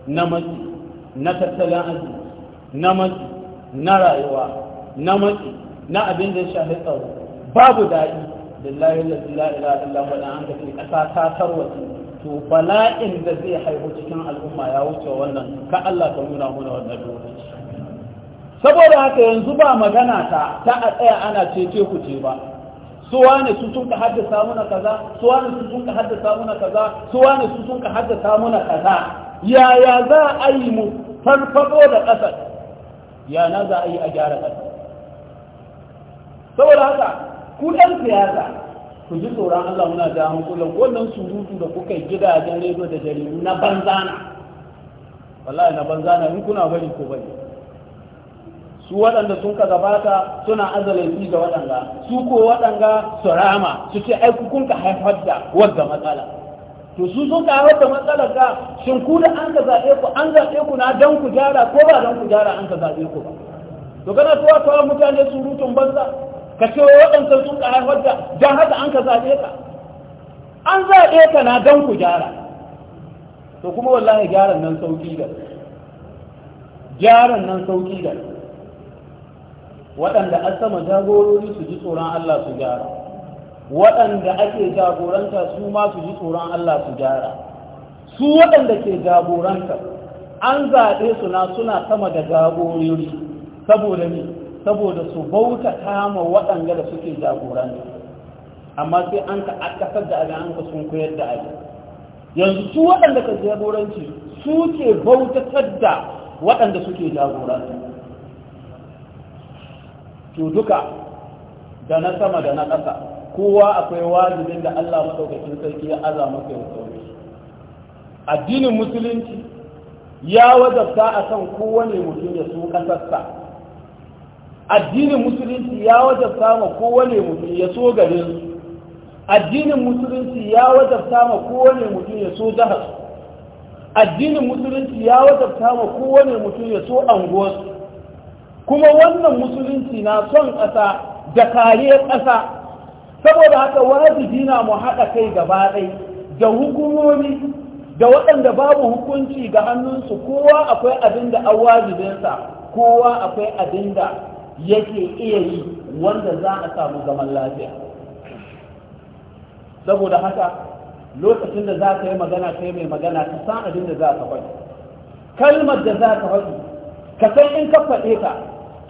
na matsi na tattalin arziki na matsi na rayuwa na matsi na abin da ya shafi tsaro babu daɗi billahi la ilaha illa huwa da an kace ƙasa ta tarwace to bala'in da zai haihu cikin al'umma ya wuce wannan ka Allah ka nuna mana wannan lokaci saboda haka yanzu ba magana ta ta a tsaya ana cece ku ce ba su wane su sun ka haddasa samuna kaza su wane su sun ka haddasa samuna kaza su wane su sun ka haddasa samuna kaza yaya za a yi mu farfado da ƙasar na za a yi a gyara ƙasar saboda haka ku ɗan siyasa ku ji tsoron Allah muna da hankulan wannan surutu da kuka yi gidajen rediyo da jaridu na banzana wallahi na banzana in kuna bari ko bari su waɗanda sun ka gabata suna azalin ga waɗanda su ko waɗanda su rama su ce ai kun ka haifar da wadda matsala to su sun ka haifar da matsalar ga shin ku da an ka zaɓe ku an zaɓe ku na dan ku gyara ko ba dan ku gyara an ka zaɓe ku ba to kana tuwa tuwa mutane rutun banza ka ce wa waɗanda sun ka haifar da don haka an ka zaɓe ka an zaɓe ka na dan ku gyara to kuma wallahi gyaran nan sauki da gyaran nan sauki da waɗanda an sama jagorori su ji tsoron Allah su gyara waɗanda ake jagoranta su ma su ji tsoron Allah su gyara su waɗanda ke jagoranta an zaɓe su na suna sama da jagorori saboda ne saboda su bauta kama waɗanda da suke jagoranta amma sai an ka akasar da abin an ka sun koyar da abin yanzu su waɗanda ka jagoranci su ke bautatar da waɗanda suke jagoranta to duka da na sama da na ƙasa kowa akwai wajibin da Allah madaukakin sarki ya aza masa ya sauke addinin musulunci ya wajabta a kan kowane mutum ya so ƙasarsa addinin musulunci ya wajabta ma kowane mutum ya so garin addinin musulunci ya wajabta ma kowane mutum ya so jihar addinin musulunci ya wajabta ma kowane mutum ya so anguwarsu kuma wannan musulunci na son ƙasa da kare ƙasa saboda haka wajibi na mu haɗa kai gaba ɗai da hukumomi da waɗanda babu hukunci ga hannunsu kowa akwai abin da an wajibinsa kowa akwai abin da yake iya yi wanda za a samu zaman lafiya saboda haka lokacin da za ka yi magana kai mai magana ka san abin da za ka faɗi kalmar da za ka faɗi ka san in ka faɗe ta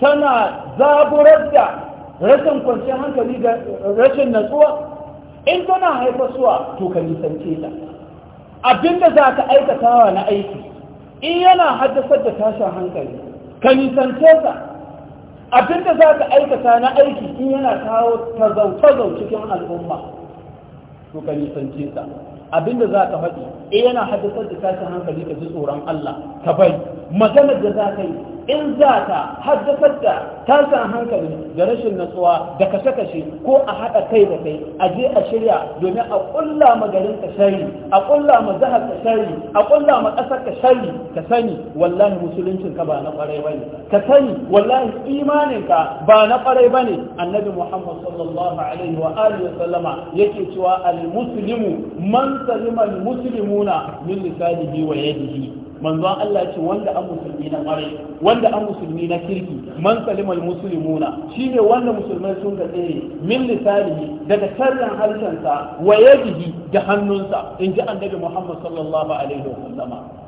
tana zaburar da rashin kwanciyar hankali da rashin natsuwa in tana haifar suwa to ka nisance ta abinda za ka aikatawa na aiki in yana haddasar da tashin hankali ka nisance ta abinda za ka aikata na aiki in yana kawo tazau-tazau cikin al'umma to ka nisance ta abinda za ka faɗi in yana haddasar da tashin hankali ka ji tsoron Allah ka bai maganar da za ka yi in za ta haddasar da tasan hankali da rashin natsuwa da kashe-kashe ko a haɗa kai da kai a je a shirya domin a ƙulla ma garin ka shari a ƙulla ma zahar ka shari a ƙulla ma ƙasar ka shari ka sani wallahi musuluncin ka ba na ƙwarai bane ka sani wallahi imanin ka ba na ƙwarai ne annabi muhammad sallallahu alaihi wa alihi yake cewa al muslimu man salima al muslimuna min lisanihi wa yadihi manzo Allah ce wanda an musulmi na ƙwarai wanda an musulmi na kirki man salimal muslimuna shine wanda musulmai sun ga tsere min lisanihi daga sharrin harshensa wa yadihi da hannunsa in ji annabi Muhammad sallallahu alaihi wa sallama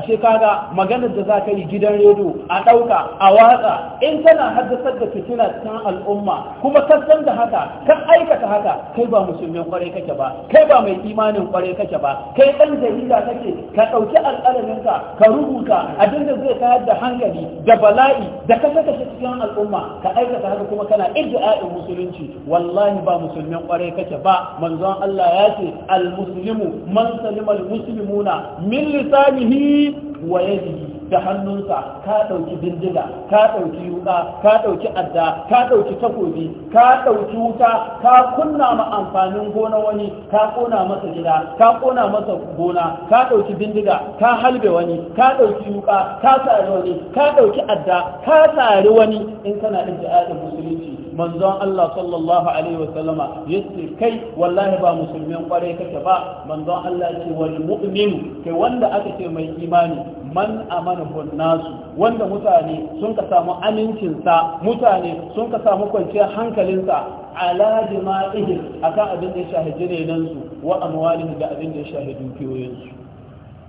ce kaga maganar da za ka yi gidan rediyo a ɗauka a watsa in kana haddasar da fitina cikin al'umma kuma ka san da haka ka aikata haka kai ba musulmin kwarai kake ba kai ba mai imanin kwarai kake ba kai ɗan jarida kake ka ɗauki alƙalaminka ka rubuta a da zai tayar da hankali da bala'i da ka saka shi cikin al'umma ka aikata haka kuma kana iddi'a'in musulunci wallahi ba musulmin kwarai kake ba manzon Allah ya ce al-muslimu man salima al-muslimuna min lisanihi wa yadi da hannunsa ka ɗauki bindiga ka ɗauki wuƙa, ka ɗauki adda ka ɗauki takobi ka ɗauki wuta ka kunna ma amfanin gona wani ka ƙona masa gida ka ƙona masa gona ka ɗauki bindiga ka halbe wani ka ɗauki yuka ka sare wani ka ɗauki adda ka sare wani in kana da musulunci manzon Allah sallallahu alaihi wa sallama yace kai wallahi ba musulmin kware kake ba manzon Allah ce wal mu'min kai wanda aka ce mai imani man amana nasu wanda mutane sun ka samu amincinsa mutane sun ka samu kwanciyar hankalinsa ala jima'ihim akan abin da ya shahidi renansu wa amwalihim da abin da ya shahidi dukiyoyinsu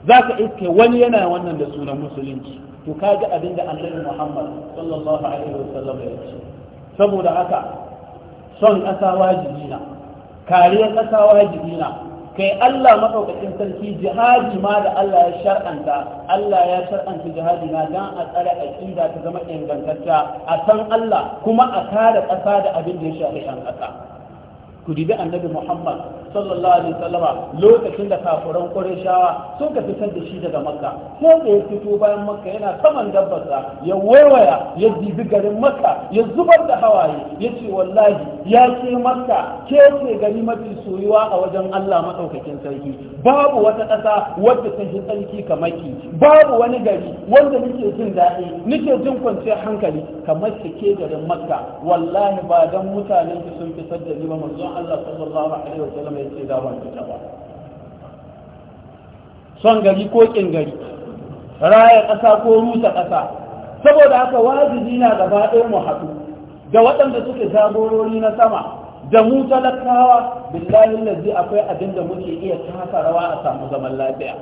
zaka iske wani yana wannan da sunan musulunci to kaji abin da annabi Muhammad sallallahu alaihi sallam ya ce saboda haka son ƙasa wajibi na kariyar ƙasa wajibi na kai Allah maɗaukacin sarki jihadi ma da Allah ya shar'anta Allah ya shar'anta jihadi na don a tsare aƙida ta zama ingantacciya a san Allah kuma a kare ƙasa da abin da ya shafi shan ƙasa ku dibi annabi Muhammad sallallahu alaihi wasallama lokacin da kafuran Qurayshawa suka fitar da shi daga Makka ko da ya fito bayan Makka yana saman dabbarsa ya waiwaya ya dibi garin Makka ya zubar da hawaye ya ce wallahi ya ce Makka ke ce gari mafi soyuwa a wajen Allah madaukakin sarki babu wata ƙasa wadda ta ji tsarki kamar ki babu wani gari wanda nake jin daɗi nake jin kwanciyar hankali kamar ki ke garin Makka wallahi ba dan mutanen ki sun fitar da ni ba manzon Allah sallallahu alaihi wasallam ya ce za mu son gari ko kin gari raya ƙasa ko rusa ƙasa saboda haka wajibi na gaba ɗaya mu haɗu da waɗanda suke jagorori na sama da mu talakawa billahi lazi akwai abin da muke iya taka rawa a samu zaman lafiya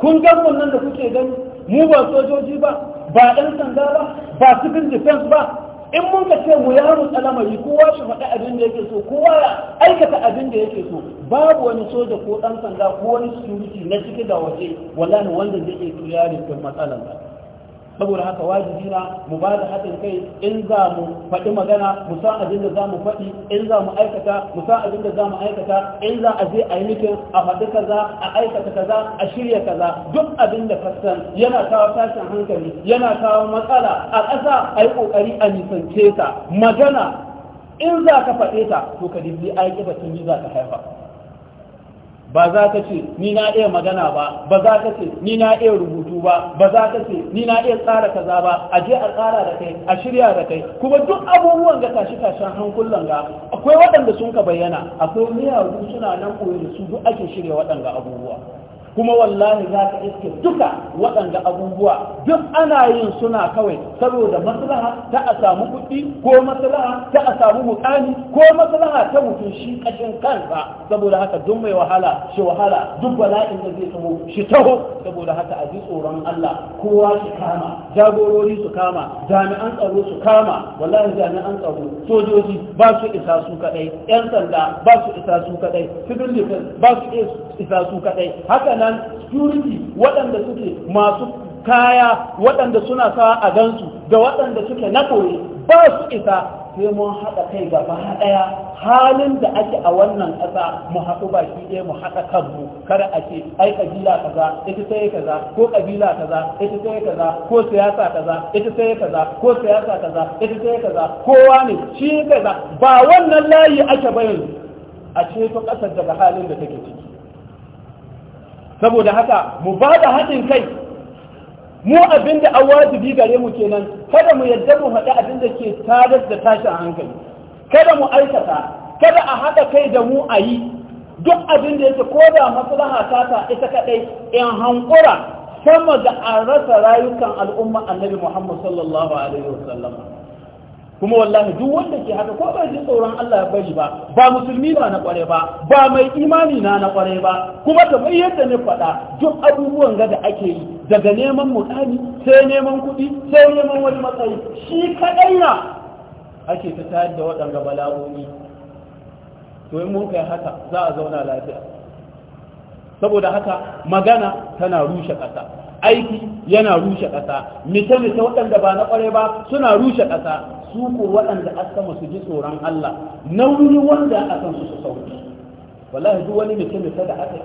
kun ga nan da kuke gani mu ba sojoji ba ba ɗan sanda ba ba civil defense ba in mun ka ce mu ya rutsa lamari kowa shi faɗi abin da yake so kowa ya aikata abin da yake so babu wani soja ko ɗan sanda ko wani security na cike da waje wallahi wanda zai iya kiyare kan matsalar ba saboda haka wajibi na mu ba da haɗin kai in za mu faɗi magana mu san abin da za mu faɗi in za mu aikata mu san abin da za mu aikata in za a je a yi mikin a faɗi kaza a aikata kaza a shirya kaza duk abin da kasan yana kawo tashin hankali yana kawo matsala a ƙasa a yi ƙoƙari a nisance ta magana in za ka faɗe ta to ka dibbi aiki batun yi za ka haifa ba za ka ce ni na iya magana ba ba za ka ce ni na iya rubutu ba ba za ka ce ni na iya tsara kaza ba a je a tsara da kai a shirya da kai kuma duk abubuwan ga tashi tashen hankulan ga akwai waɗanda sun ka bayyana akwai miyagu suna nan koyi da su duk ake shirya waɗanda abubuwa kuma wallahi za ka iske duka waɗanda abubuwa duk ana yin suna kawai saboda maslaha ta a samu kuɗi ko maslaha ta a samu mukami ko maslaha ta mutum shi ƙashin kansa saboda haka duk mai wahala shi wahala duk bala'in da zai taho shi taho saboda haka a ji tsoron Allah kowa su kama jagorori su kama jami'an tsaro su kama wallahi jami'an tsaro sojoji ba su isa su kaɗai 'yan sanda ba su isa su kaɗai civil defense ba su isa su kaɗai haka nan security waɗanda suke masu kaya waɗanda suna sa a gansu da waɗanda suke na koyi ba su isa sai mun haɗa kai gaba ɗaya halin da ake a wannan ƙasa mu haɗu baki ɗaya mu haɗa kanmu kada a ce ai ƙabila kaza ita sai kaza ko ƙabila kaza ita sai kaza ko siyasa kaza ita sai kaza ko siyasa kaza ita sai kaza kowa ne shi kaza ba wannan layi ake bayan a to ƙasar daga halin da take ciki saboda haka mu ba da haɗin kai mu abin da an wajibi gare mu kenan kada mu yadda mu haɗa abin da ke tarar da tashin hankali kada mu aikata kada a haɗa kai da mu a yi duk abin da yake ko da maslaha tata ita kaɗai in hankura sama da a rasa rayukan al'umma annabi muhammad sallallahu alaihi wasallam kuma wallahi duk wanda ke haka ko ba ji tsoron Allah ya bari ba ba musulmi ba na kware ba ba mai imani na na kware ba kuma kamar yadda na faɗa duk abubuwan ga da ake yi daga neman mutane sai neman kuɗi sai neman wani matsayi shi kaɗai na ake ta tayar da waɗanda bala'o'i to in mun kai haka za a zauna lafiya saboda haka magana tana rushe ƙasa aiki yana rushe ƙasa mita mita waɗanda ba na ƙware ba suna rushe ƙasa su ko waɗanda aka su ji tsoron Allah nauyi wanda aka su su sauki wallahi duk wani mutum da aka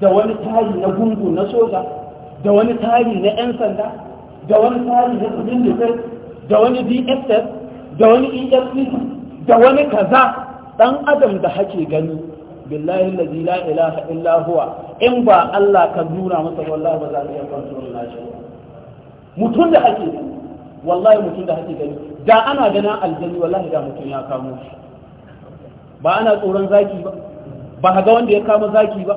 da wani tari na gungu na soja da wani tari na 'yan sanda da wani tari na kudin defense da wani dss da wani efcc da wani kaza dan adam da hake gani billahi lazi la ilaha illa huwa in ba Allah ka nuna masa wallahi ba za ka iya kwantar nashi mutum da hake gani wallahi mutum da hake gani da ana ganin aljani wallahi da mutum ya kamo shi ba ana tsoron zaki ba ba ga wanda ya kama zaki ba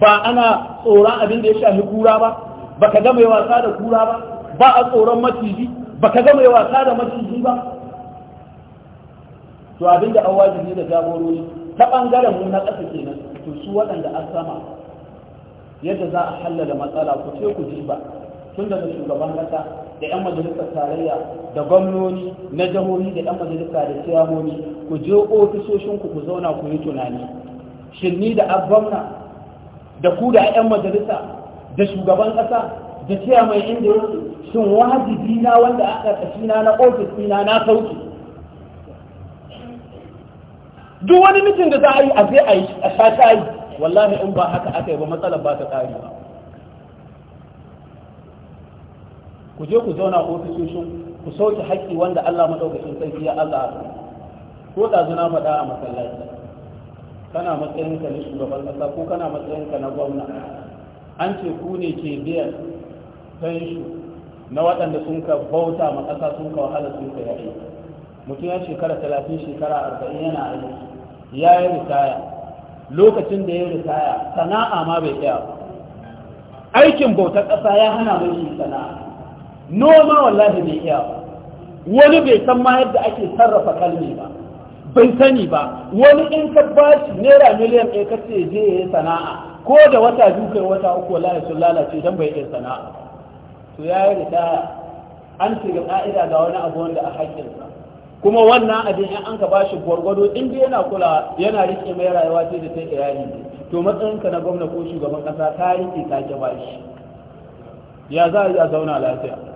ba ana tsoron abin da ya shafi kura ba ba ka gama wasa da kura ba ba a tsoron maciji ba ka mai wasa da maciji ba to abin da an wajibi da jagorori ta bangaren mu na ƙasa kenan to su waɗanda an sama yadda za a hallala matsala ku ce ku ji ba tun daga shugaban kasa da 'yan majalisar tarayya da gwamnoni na jihohi da 'yan majalisa da siyamoni ku je ofisoshin ku ku zauna ku yi tunani shin ni da gwamna da ku da 'yan majalisa da shugaban kasa da siyamai inda yake shin wajibi na wanda aka kashina na ofis ɗina na sauki duk wani mijin da za a yi a sai a yi a sha ta yi wallahi in ba haka aka yi ba matsalar ba ta ƙari ba ku je ku zauna ofisoshin ku sauke haƙƙi wanda Allah madaukakin sarki ya aza ko da zuna faɗa a masallaci kana matsayinka na shugaban ƙasa ko kana matsayinka na gwamna an ce ku ne ke biyan fenshu na waɗanda sun ka bauta ma ƙasa sun ka wahala sun ka yaƙi mutum ya shekara talatin shekara arba'in yana aiki ya yi ritaya lokacin da ya ritaya sana'a ma bai tsaya aikin bautar ƙasa ya hana mai sana'a noma wallahi bai iya ba wani bai san ma yadda ake sarrafa kalmi ba bai sani ba wani in ka bashi naira miliyan ɗaya ka ce je ya yi sana'a ko da wata biyu kai wata uku wallahi sun lalace dan bai iya sana'a to ya yi da an shiga ka'ida ga wani abu wanda a sa kuma wannan abin in an ka bashi gwargwado in dai yana kula yana rike mai rayuwa sai da sai iyali ne to matsayinka na gwamna ko shugaban kasa ka rike ka ba bashi ya za a zauna lafiya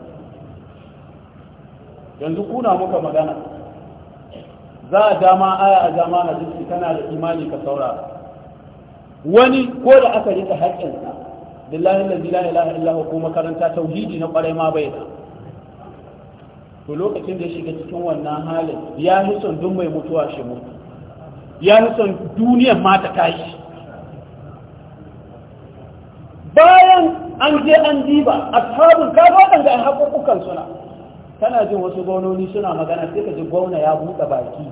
yanzu kuna muka magana za a dama aya a dama jiski tana da imani ka saura. wani ko da aka rika haƙƙinsa billahi la ilaha illa huwa ko makaranta tauhidi na ƙwarai ma bai da to lokacin da ya shiga cikin wannan halin ya yi son duk mai mutuwa shi mutu ya yi son duniyar ma ta tashi bayan an je an diba a ashabul kafa waɗanda a haƙuƙukan suna kana jin wasu gwanoni suna magana sai ka ji gwamna ya buɗe baki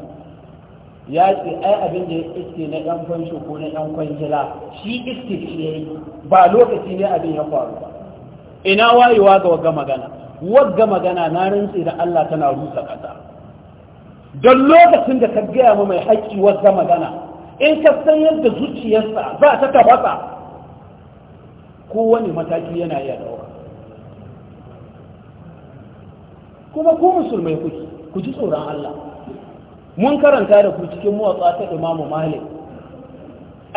ya ce ai abin da ya iske na yan kwanshi ko na ɗan kwangila shi iske shi ne ba lokaci ne abin ya faru ba ina wayewa ga wagga magana wagga magana na rantse da Allah tana rusa kasa don lokacin da ka gaya ma mai haƙƙi wagga magana in ka san yadda zuciyarsa za ta tabata ko wani mataki yana iya dawa kuma ku musulmai kuke ku ji tsoron Allah mun karanta da ku cikin muwatsa ta Imam Malik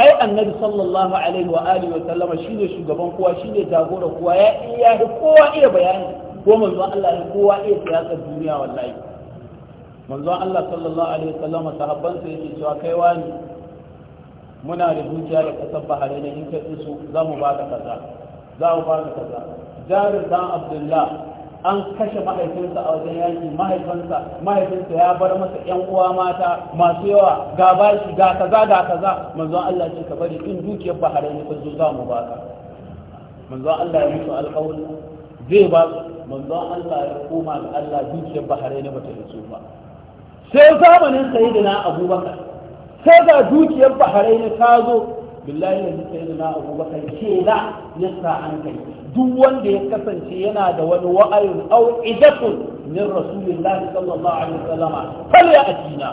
ai annabi sallallahu alaihi wa alihi wa sallama shine shugaban kowa shine jagora kowa ya iya kowa iya bayani ko manzo Allah ya kowa iya siyasa duniya wallahi manzo Allah sallallahu alaihi wa sallama sahabban sa yake cewa kai wani muna da dukiya da kasar ne, in ka iso za mu ba ka kaza za mu ba ka kaza jarir dan Abdullah an kashe mahaifinsa a wajen yaki mahaifinsa mahaifinsa ya bar masa yan uwa mata masu yawa ga bashi ga kaza ga kaza manzon Allah ce ka bari in dukiyar ne ta zo za mu baka manzon Allah ya mutu alƙawari zai ba su. manzon Allah ya koma ga Allah dukiyar bahare ne bata iso ba sai zamanin sayyidina Abubakar sai ga dukiyar ne ta zo billahi yanzu sayyidina Abubakar ke da yasa an kai duk wanda ya kasance yana da wani wa'ayin au idatun min rasulillahi sallallahu alaihi wasallam falya ajina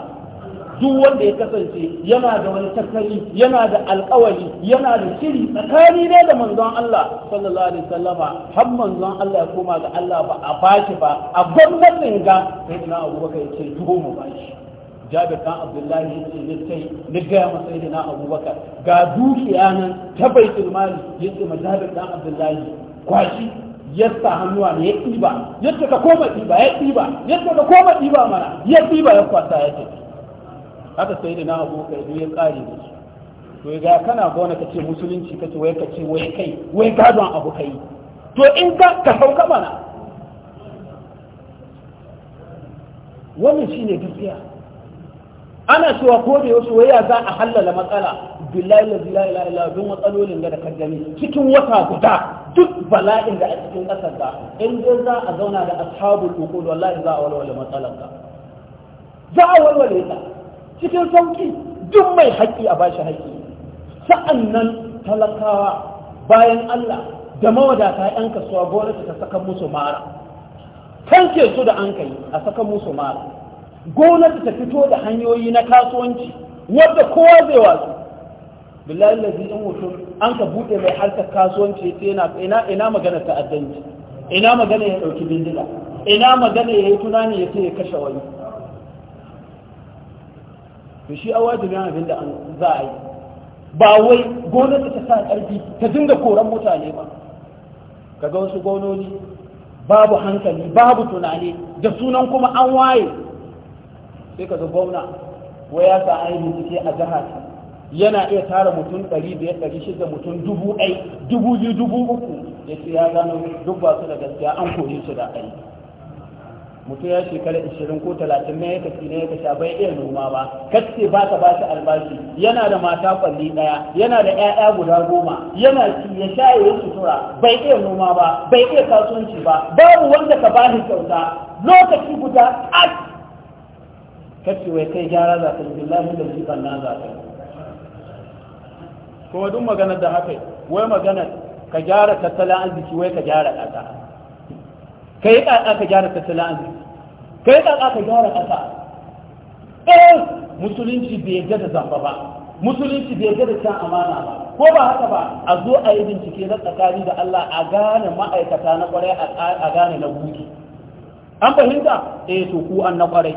duk wanda ya kasance yana da wani tattali yana da alkawari yana da shiri tsakani ne da manzon Allah sallallahu alaihi wasallama har manzon Allah ya koma ga Allah ba a bashi ba a gwamnatin ga sai ina abubakar ya ce tuho mu bashi jabir dan abdullahi ya ce ya sai ni gaya masa sai ina abubakar ga dukiya nan ta baitul mali ya ce ma jabir dan abdullahi kwashi yasta hannuwa ne ya ɗiba yadda ka koma ɗiba ya ɗiba yadda ka koma ɗiba mana ya ɗiba ya kwasa ya tafi haka sai da na abu ka ya ƙare da shi to ya kana gona ka ce musulunci ka ce wai ka ce wai kai wai gadon abu kai to in ka ka sauka mana wannan shi ne gaskiya ana cewa ko da yaushe wai ya za a halala matsala billahi la ilaha illa Allah matsalolin da ka gani cikin wata guda duk bala'in da a cikin kasar da in ga za a zauna da ashabul uqul wallahi za a walwale matsalar ka za a walwale ta cikin sauki duk mai haƙƙi a bashi haƙƙi sa'annan talakawa bayan Allah da mawadata 'yan kasuwa gore ta saka musu mara kanke su da an kai a saka musu mara gonar ta fito da hanyoyi na kasuwanci wadda kowa zai wasu billahi lazi in mutum an ka bude mai harkar kasuwanci sai ina magana ta'addanci ina magana ya dauki bindiga ina magana ya yi tunani ya ce ya kashe wani to shi a yana abin da za a yi ba wai gwamnati ta sa ƙarfi ta dinga koran mutane ba kaga wasu gononi babu hankali babu tunani da sunan kuma an waye sai ka ga gwamna wai ya sa an yi bincike a jihar yana iya tara mutum ɗari biyar ɗari shida mutum dubu ɗai dubu biyu dubu uku ya ce ya gano duk ba su da gaskiya an koyi su da ɗai mutum ya shekara ishirin ko talatin na ya kashi na ya kasha bai iya noma ba kacce ba ta ba shi albashi yana da mata kwalli ɗaya yana da ƴaƴa guda goma yana ci ya sha ya sutura bai iya noma ba bai iya kasuwanci ba babu wanda ka bani kyauta lokaci guda ak kacce wai kai gyara za ka yi billahi da jiban na za ka yi to duk maganar da haka wai maganar ka gyara tattalin arziki wai ka gyara ƙasa ka yi ƙaƙa ka gyara tattalin arziki ka yi ƙaƙa ka gyara ƙasa eh musulunci bai ga da zamba ba musulunci bai ga da can amana ba ko ba haka ba a zo a yi bincike na tsakani da Allah a gane ma'aikata na kwarai a gane na buki an fahimta eh to ku an na kwarai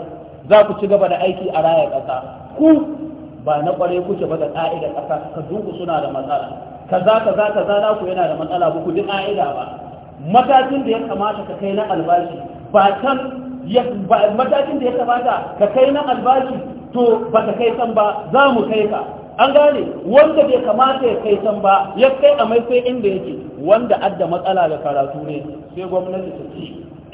za ku ci gaba da aiki a raya ƙasa ku ba na kware kuke ba da ka'idar ƙasa ka duku suna da matsala kaza kaza kaza na ku yana da matsala ba ku bi ka'ida ba matakin da ya kamata ka kai na albashi ba can matakin da ya kamata ka kai na albashi to ba ka kai san ba za mu kai ka an gane wanda bai kamata ya kai san ba ya kai a mai sai inda yake wanda adda matsala da karatu ne sai gwamnati ta ce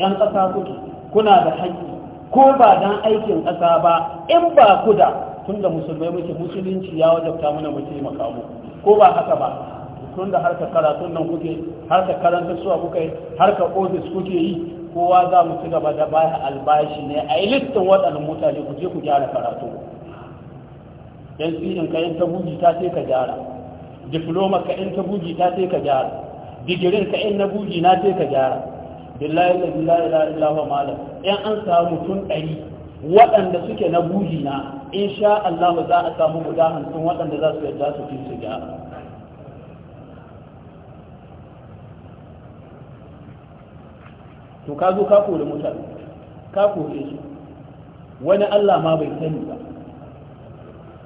'yan ƙasa kuke kuna da haƙƙi ko ba don aikin ƙasa ba in ba ku da tunda musulmai muke musulunci ya wajabta mana mu taimaka ko ba haka ba tun da harka karatun nan kuke harka karanta suwa kuke har harka ofis kuke yi kowa za mu ci gaba da baya albashi ne a yi listin waɗannan mutane ku je ku gyara karatu yan tsirin ka yin ta buji ta sai ka gyara diploma ka yin ta buji ta sai ka gyara digirin ka yin na buji na sai ka gyara billahi la ilaha illa huwa malam yan an samu tun ɗari waɗanda suke na buhina in sha Allah za a samu guda hamsin waɗanda za su yadda su fi su gyara to ka zo ka kori mutane ka kori su wani Allah ma bai sani ba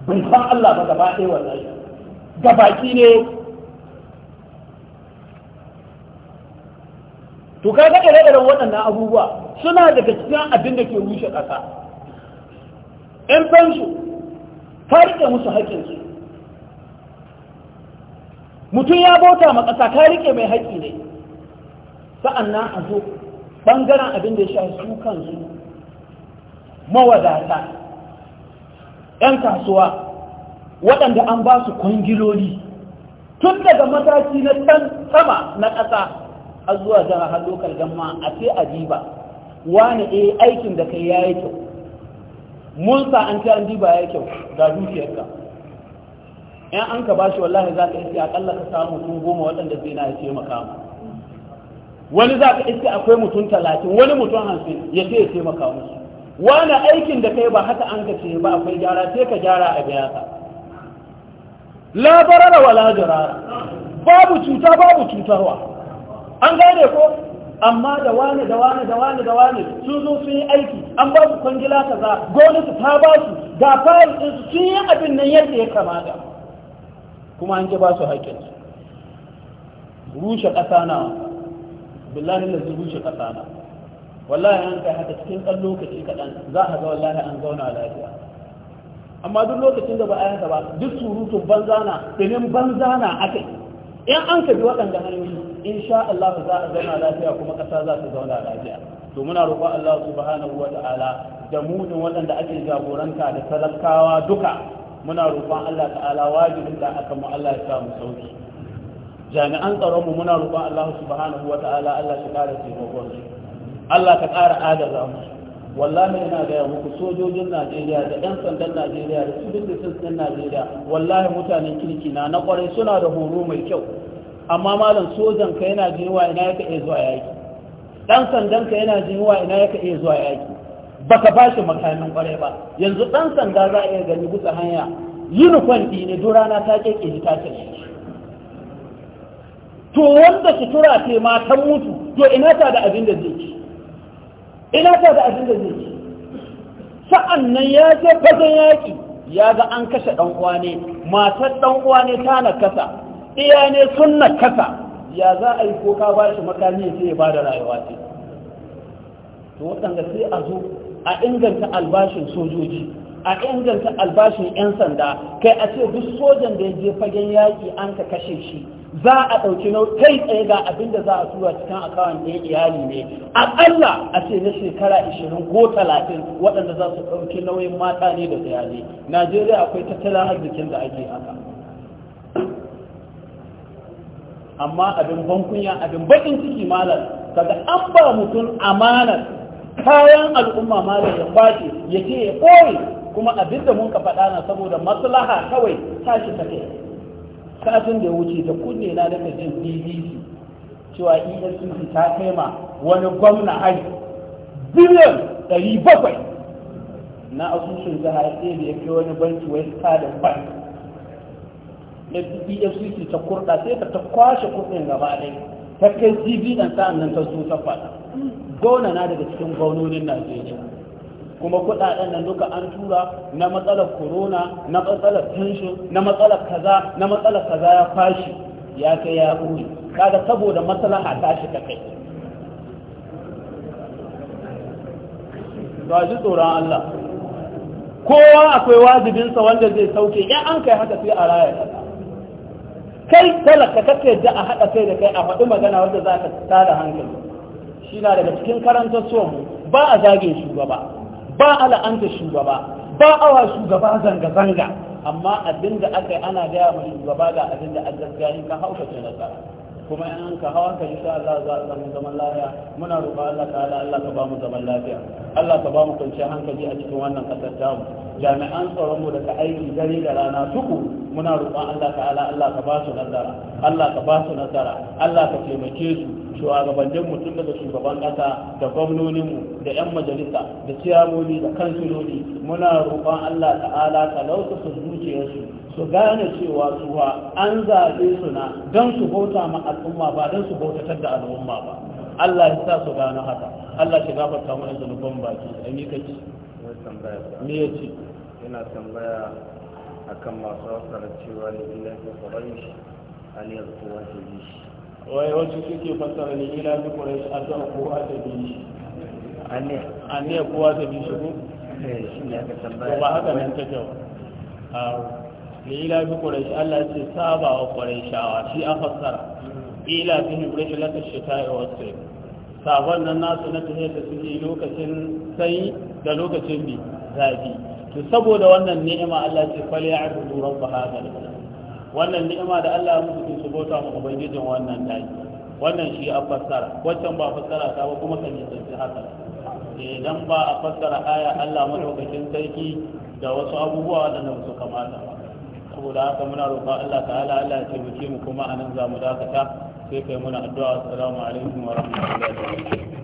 bai san Allah ba gaba ɗaya gaba ki ne to ka ga ire-iren waɗannan abubuwa suna daga cikin abin da ke rushe ƙasa ‘yan fansu ta riƙe musu haƙinsu mutum ya bauta ma ƙasa ta rike mai haƙi ne Sa'anna a zo ɓangaren abin da ya sha su kansu mawadata ‘yan kasuwa waɗanda an ba su kwangiloli tun daga mataki na ɗan sama na ƙasa har zuwa jihar lokal gama a ce a jiba wani ɗaya eh, aikin da kai ya yi kyau mun an ce an diba ya kyau ga dukiyarka ɗan an ka bashi wallahi za ka iske ƙalla ka samu mutum goma waɗanda zai na ya taimaka mu wani za ka iske akwai mutum talatin wani mutum hamsin ya ce ya taimaka musu wani aikin da kai ba haka an ka ce ba akwai gyara sai ka gyara a biya ka labarar barara wala jarara babu cuta babu cutarwa an gane ko amma da wani da wani da wani da wani sun zo sun yi aiki an ba su kwangila kaza su ta ba su ga fayil din su sun yi abin nan yadda ya kamata kuma an ji ba su haƙƙin rushe ƙasa na billahi da rushe ƙasa na wallahi an kai haka cikin ɗan lokaci kaɗan za a ga wallahi an zauna lafiya amma duk lokacin da ba a yanka ba duk surutun banzana ɗinin banzana akai in an kafi waɗanda hanyoyi in sha Allah za a zama lafiya kuma ƙasa za ta zauna lafiya to muna roƙo Allah subhanahu wa ta'ala da munin waɗanda ake jagoranta da talakawa duka muna roƙon Allah ta'ala wajibin da aka mu Allah ya samu sauki jami'an tsaron mu muna roƙon Allah subhanahu wa ta'ala Allah shi ƙara taimakon su Allah ka ƙara adana mu wallahi yana gaya muku sojojin najeriya da 'yan sandan najeriya da civil defense san najeriya wallahi mutanen kirki na na kwarai suna da horo mai kyau amma malam sojan ka yana wa, ina yaka iya zuwa yaki ɗan sandan ka yana wa, ina yaka iya zuwa yaki baka ba shi makamin kwarai ba yanzu ɗan sanda za a iya gani gusa hanya uniform ɗi ne durana ta keke ta ce to wanda sutura ce matan mutu to ina ta da abin da zai ci ina ta da abin da zai yi. sa'an nan ya je fagen yaƙi ya ga an kashe ɗan uwa ne matar ɗan uwa ne ta nakasa iya ne sun nakasa ya za a yi ko ka ba shi makami sai ya ba da rayuwa ce to waɗanda sai a zo a inganta albashin sojoji a inganta albashin 'yan sanda kai a ce duk sojan da ya je fagen yaƙi an ka kashe shi za a ɗauki nau kai tsaye ga abin da za a tura cikin akawun ya iyali ne aƙalla a ce na shekara 20 ko 30 waɗanda za su ɗauki nauyin mata ne da iyali najeriya akwai tattalin arzikin da ake haka amma abin bankunya abin bakin ciki malar kaga an ba mutum amanar kayan al'umma malar ya kwace ya ce ya ɓoye kuma abin da mun ka faɗa na saboda maslaha kawai tashi kai. satin da ya wuce da kunne na daga jin bbc cewa efcc ta kai ma wani gwamna hari biliyan 700 bakwai na asusun jihar ɗaya da ya fi wani banki wai stadin bank efcc ta kurɗa sai ta ta kwashe kudin gaba ɗaya ta kai cb ɗan sa'an nan ta zo ta faɗa gona na daga cikin gwamnonin najeriya kuma kudaden nan duka an tura na matsalar corona na matsalar tension na matsalar kaza na matsalar kaza ya fashi ya kai ya uri kaga saboda maslaha ta shi ta kai ba ji tsoron Allah kowa akwai wajibinsa wanda zai sauke ya an kai haka sai a raya kasa kai talaka kake da a haɗa kai da kai a faɗi magana wanda za ka tada hankali shi na daga cikin karantar mu ba a zage shugaba ba ala'anta shugaba ba awa shugaba zanga-zanga amma abin da aka yi ana gaya ma shugaba ga abin da aka gani ka hauka ce nasara kuma in an ka hawa ka insha Allah za a samu zaman lafiya muna roƙa Allah ka ala Allah ka ba mu zaman lafiya Allah ka ba mu kwanciyar hankali a cikin wannan ƙasar tamu jami'an tsaron mu da aiki dare da rana tuku muna roƙon Allah ka ala Allah ka ba su nasara Allah ka ba su nasara Allah ka taimake su shugabannin mutum daga shugaban ƙasa da gwamnoninmu da 'yan majalisa da ciyamoni, da kansiloli muna roƙon Allah ta'ala ka lautasa zuciyarsu su gane cewa suwa an zaɓe su na don su bauta ma al'umma ba don su bautatar da al'umma ba Allah ya sa su gano haka Allah ya gafarta mana zanuban baki a ni kake me yace ina tambaya akan masu hasara cewa ne illa ko quraish an yadda kowa ce wai wacce suke fassara ne ila bi quraish asan kowa ta bi shi anne anne kowa ta bi shi ko eh, ba haka nan take ba ne ila bi quraish Allah ce saba wa quraishawa shi a fassara ila bi rihlata shita'i wa sayf sabon nan nasu na tafiya da suke lokacin sai da lokacin bi zafi to saboda wannan ni'ima Allah ce fali ya'budu rabb hadha wannan ni'ima da Allah ya musu su bauta mu ubangijin wannan daki wannan shi a fassara waccan ba fassara ta ba kuma kan yi haka idan eh, ba a fassara aya Allah madaukakin sarki da wasu abubuwa waɗanda ba su kamata ba saboda haka muna roƙon Allah ta'ala Allah ya taimake mu kuma anan za mu dakata sai kai muna addu'a assalamu alaikum wa rahmatullahi wa barakatuh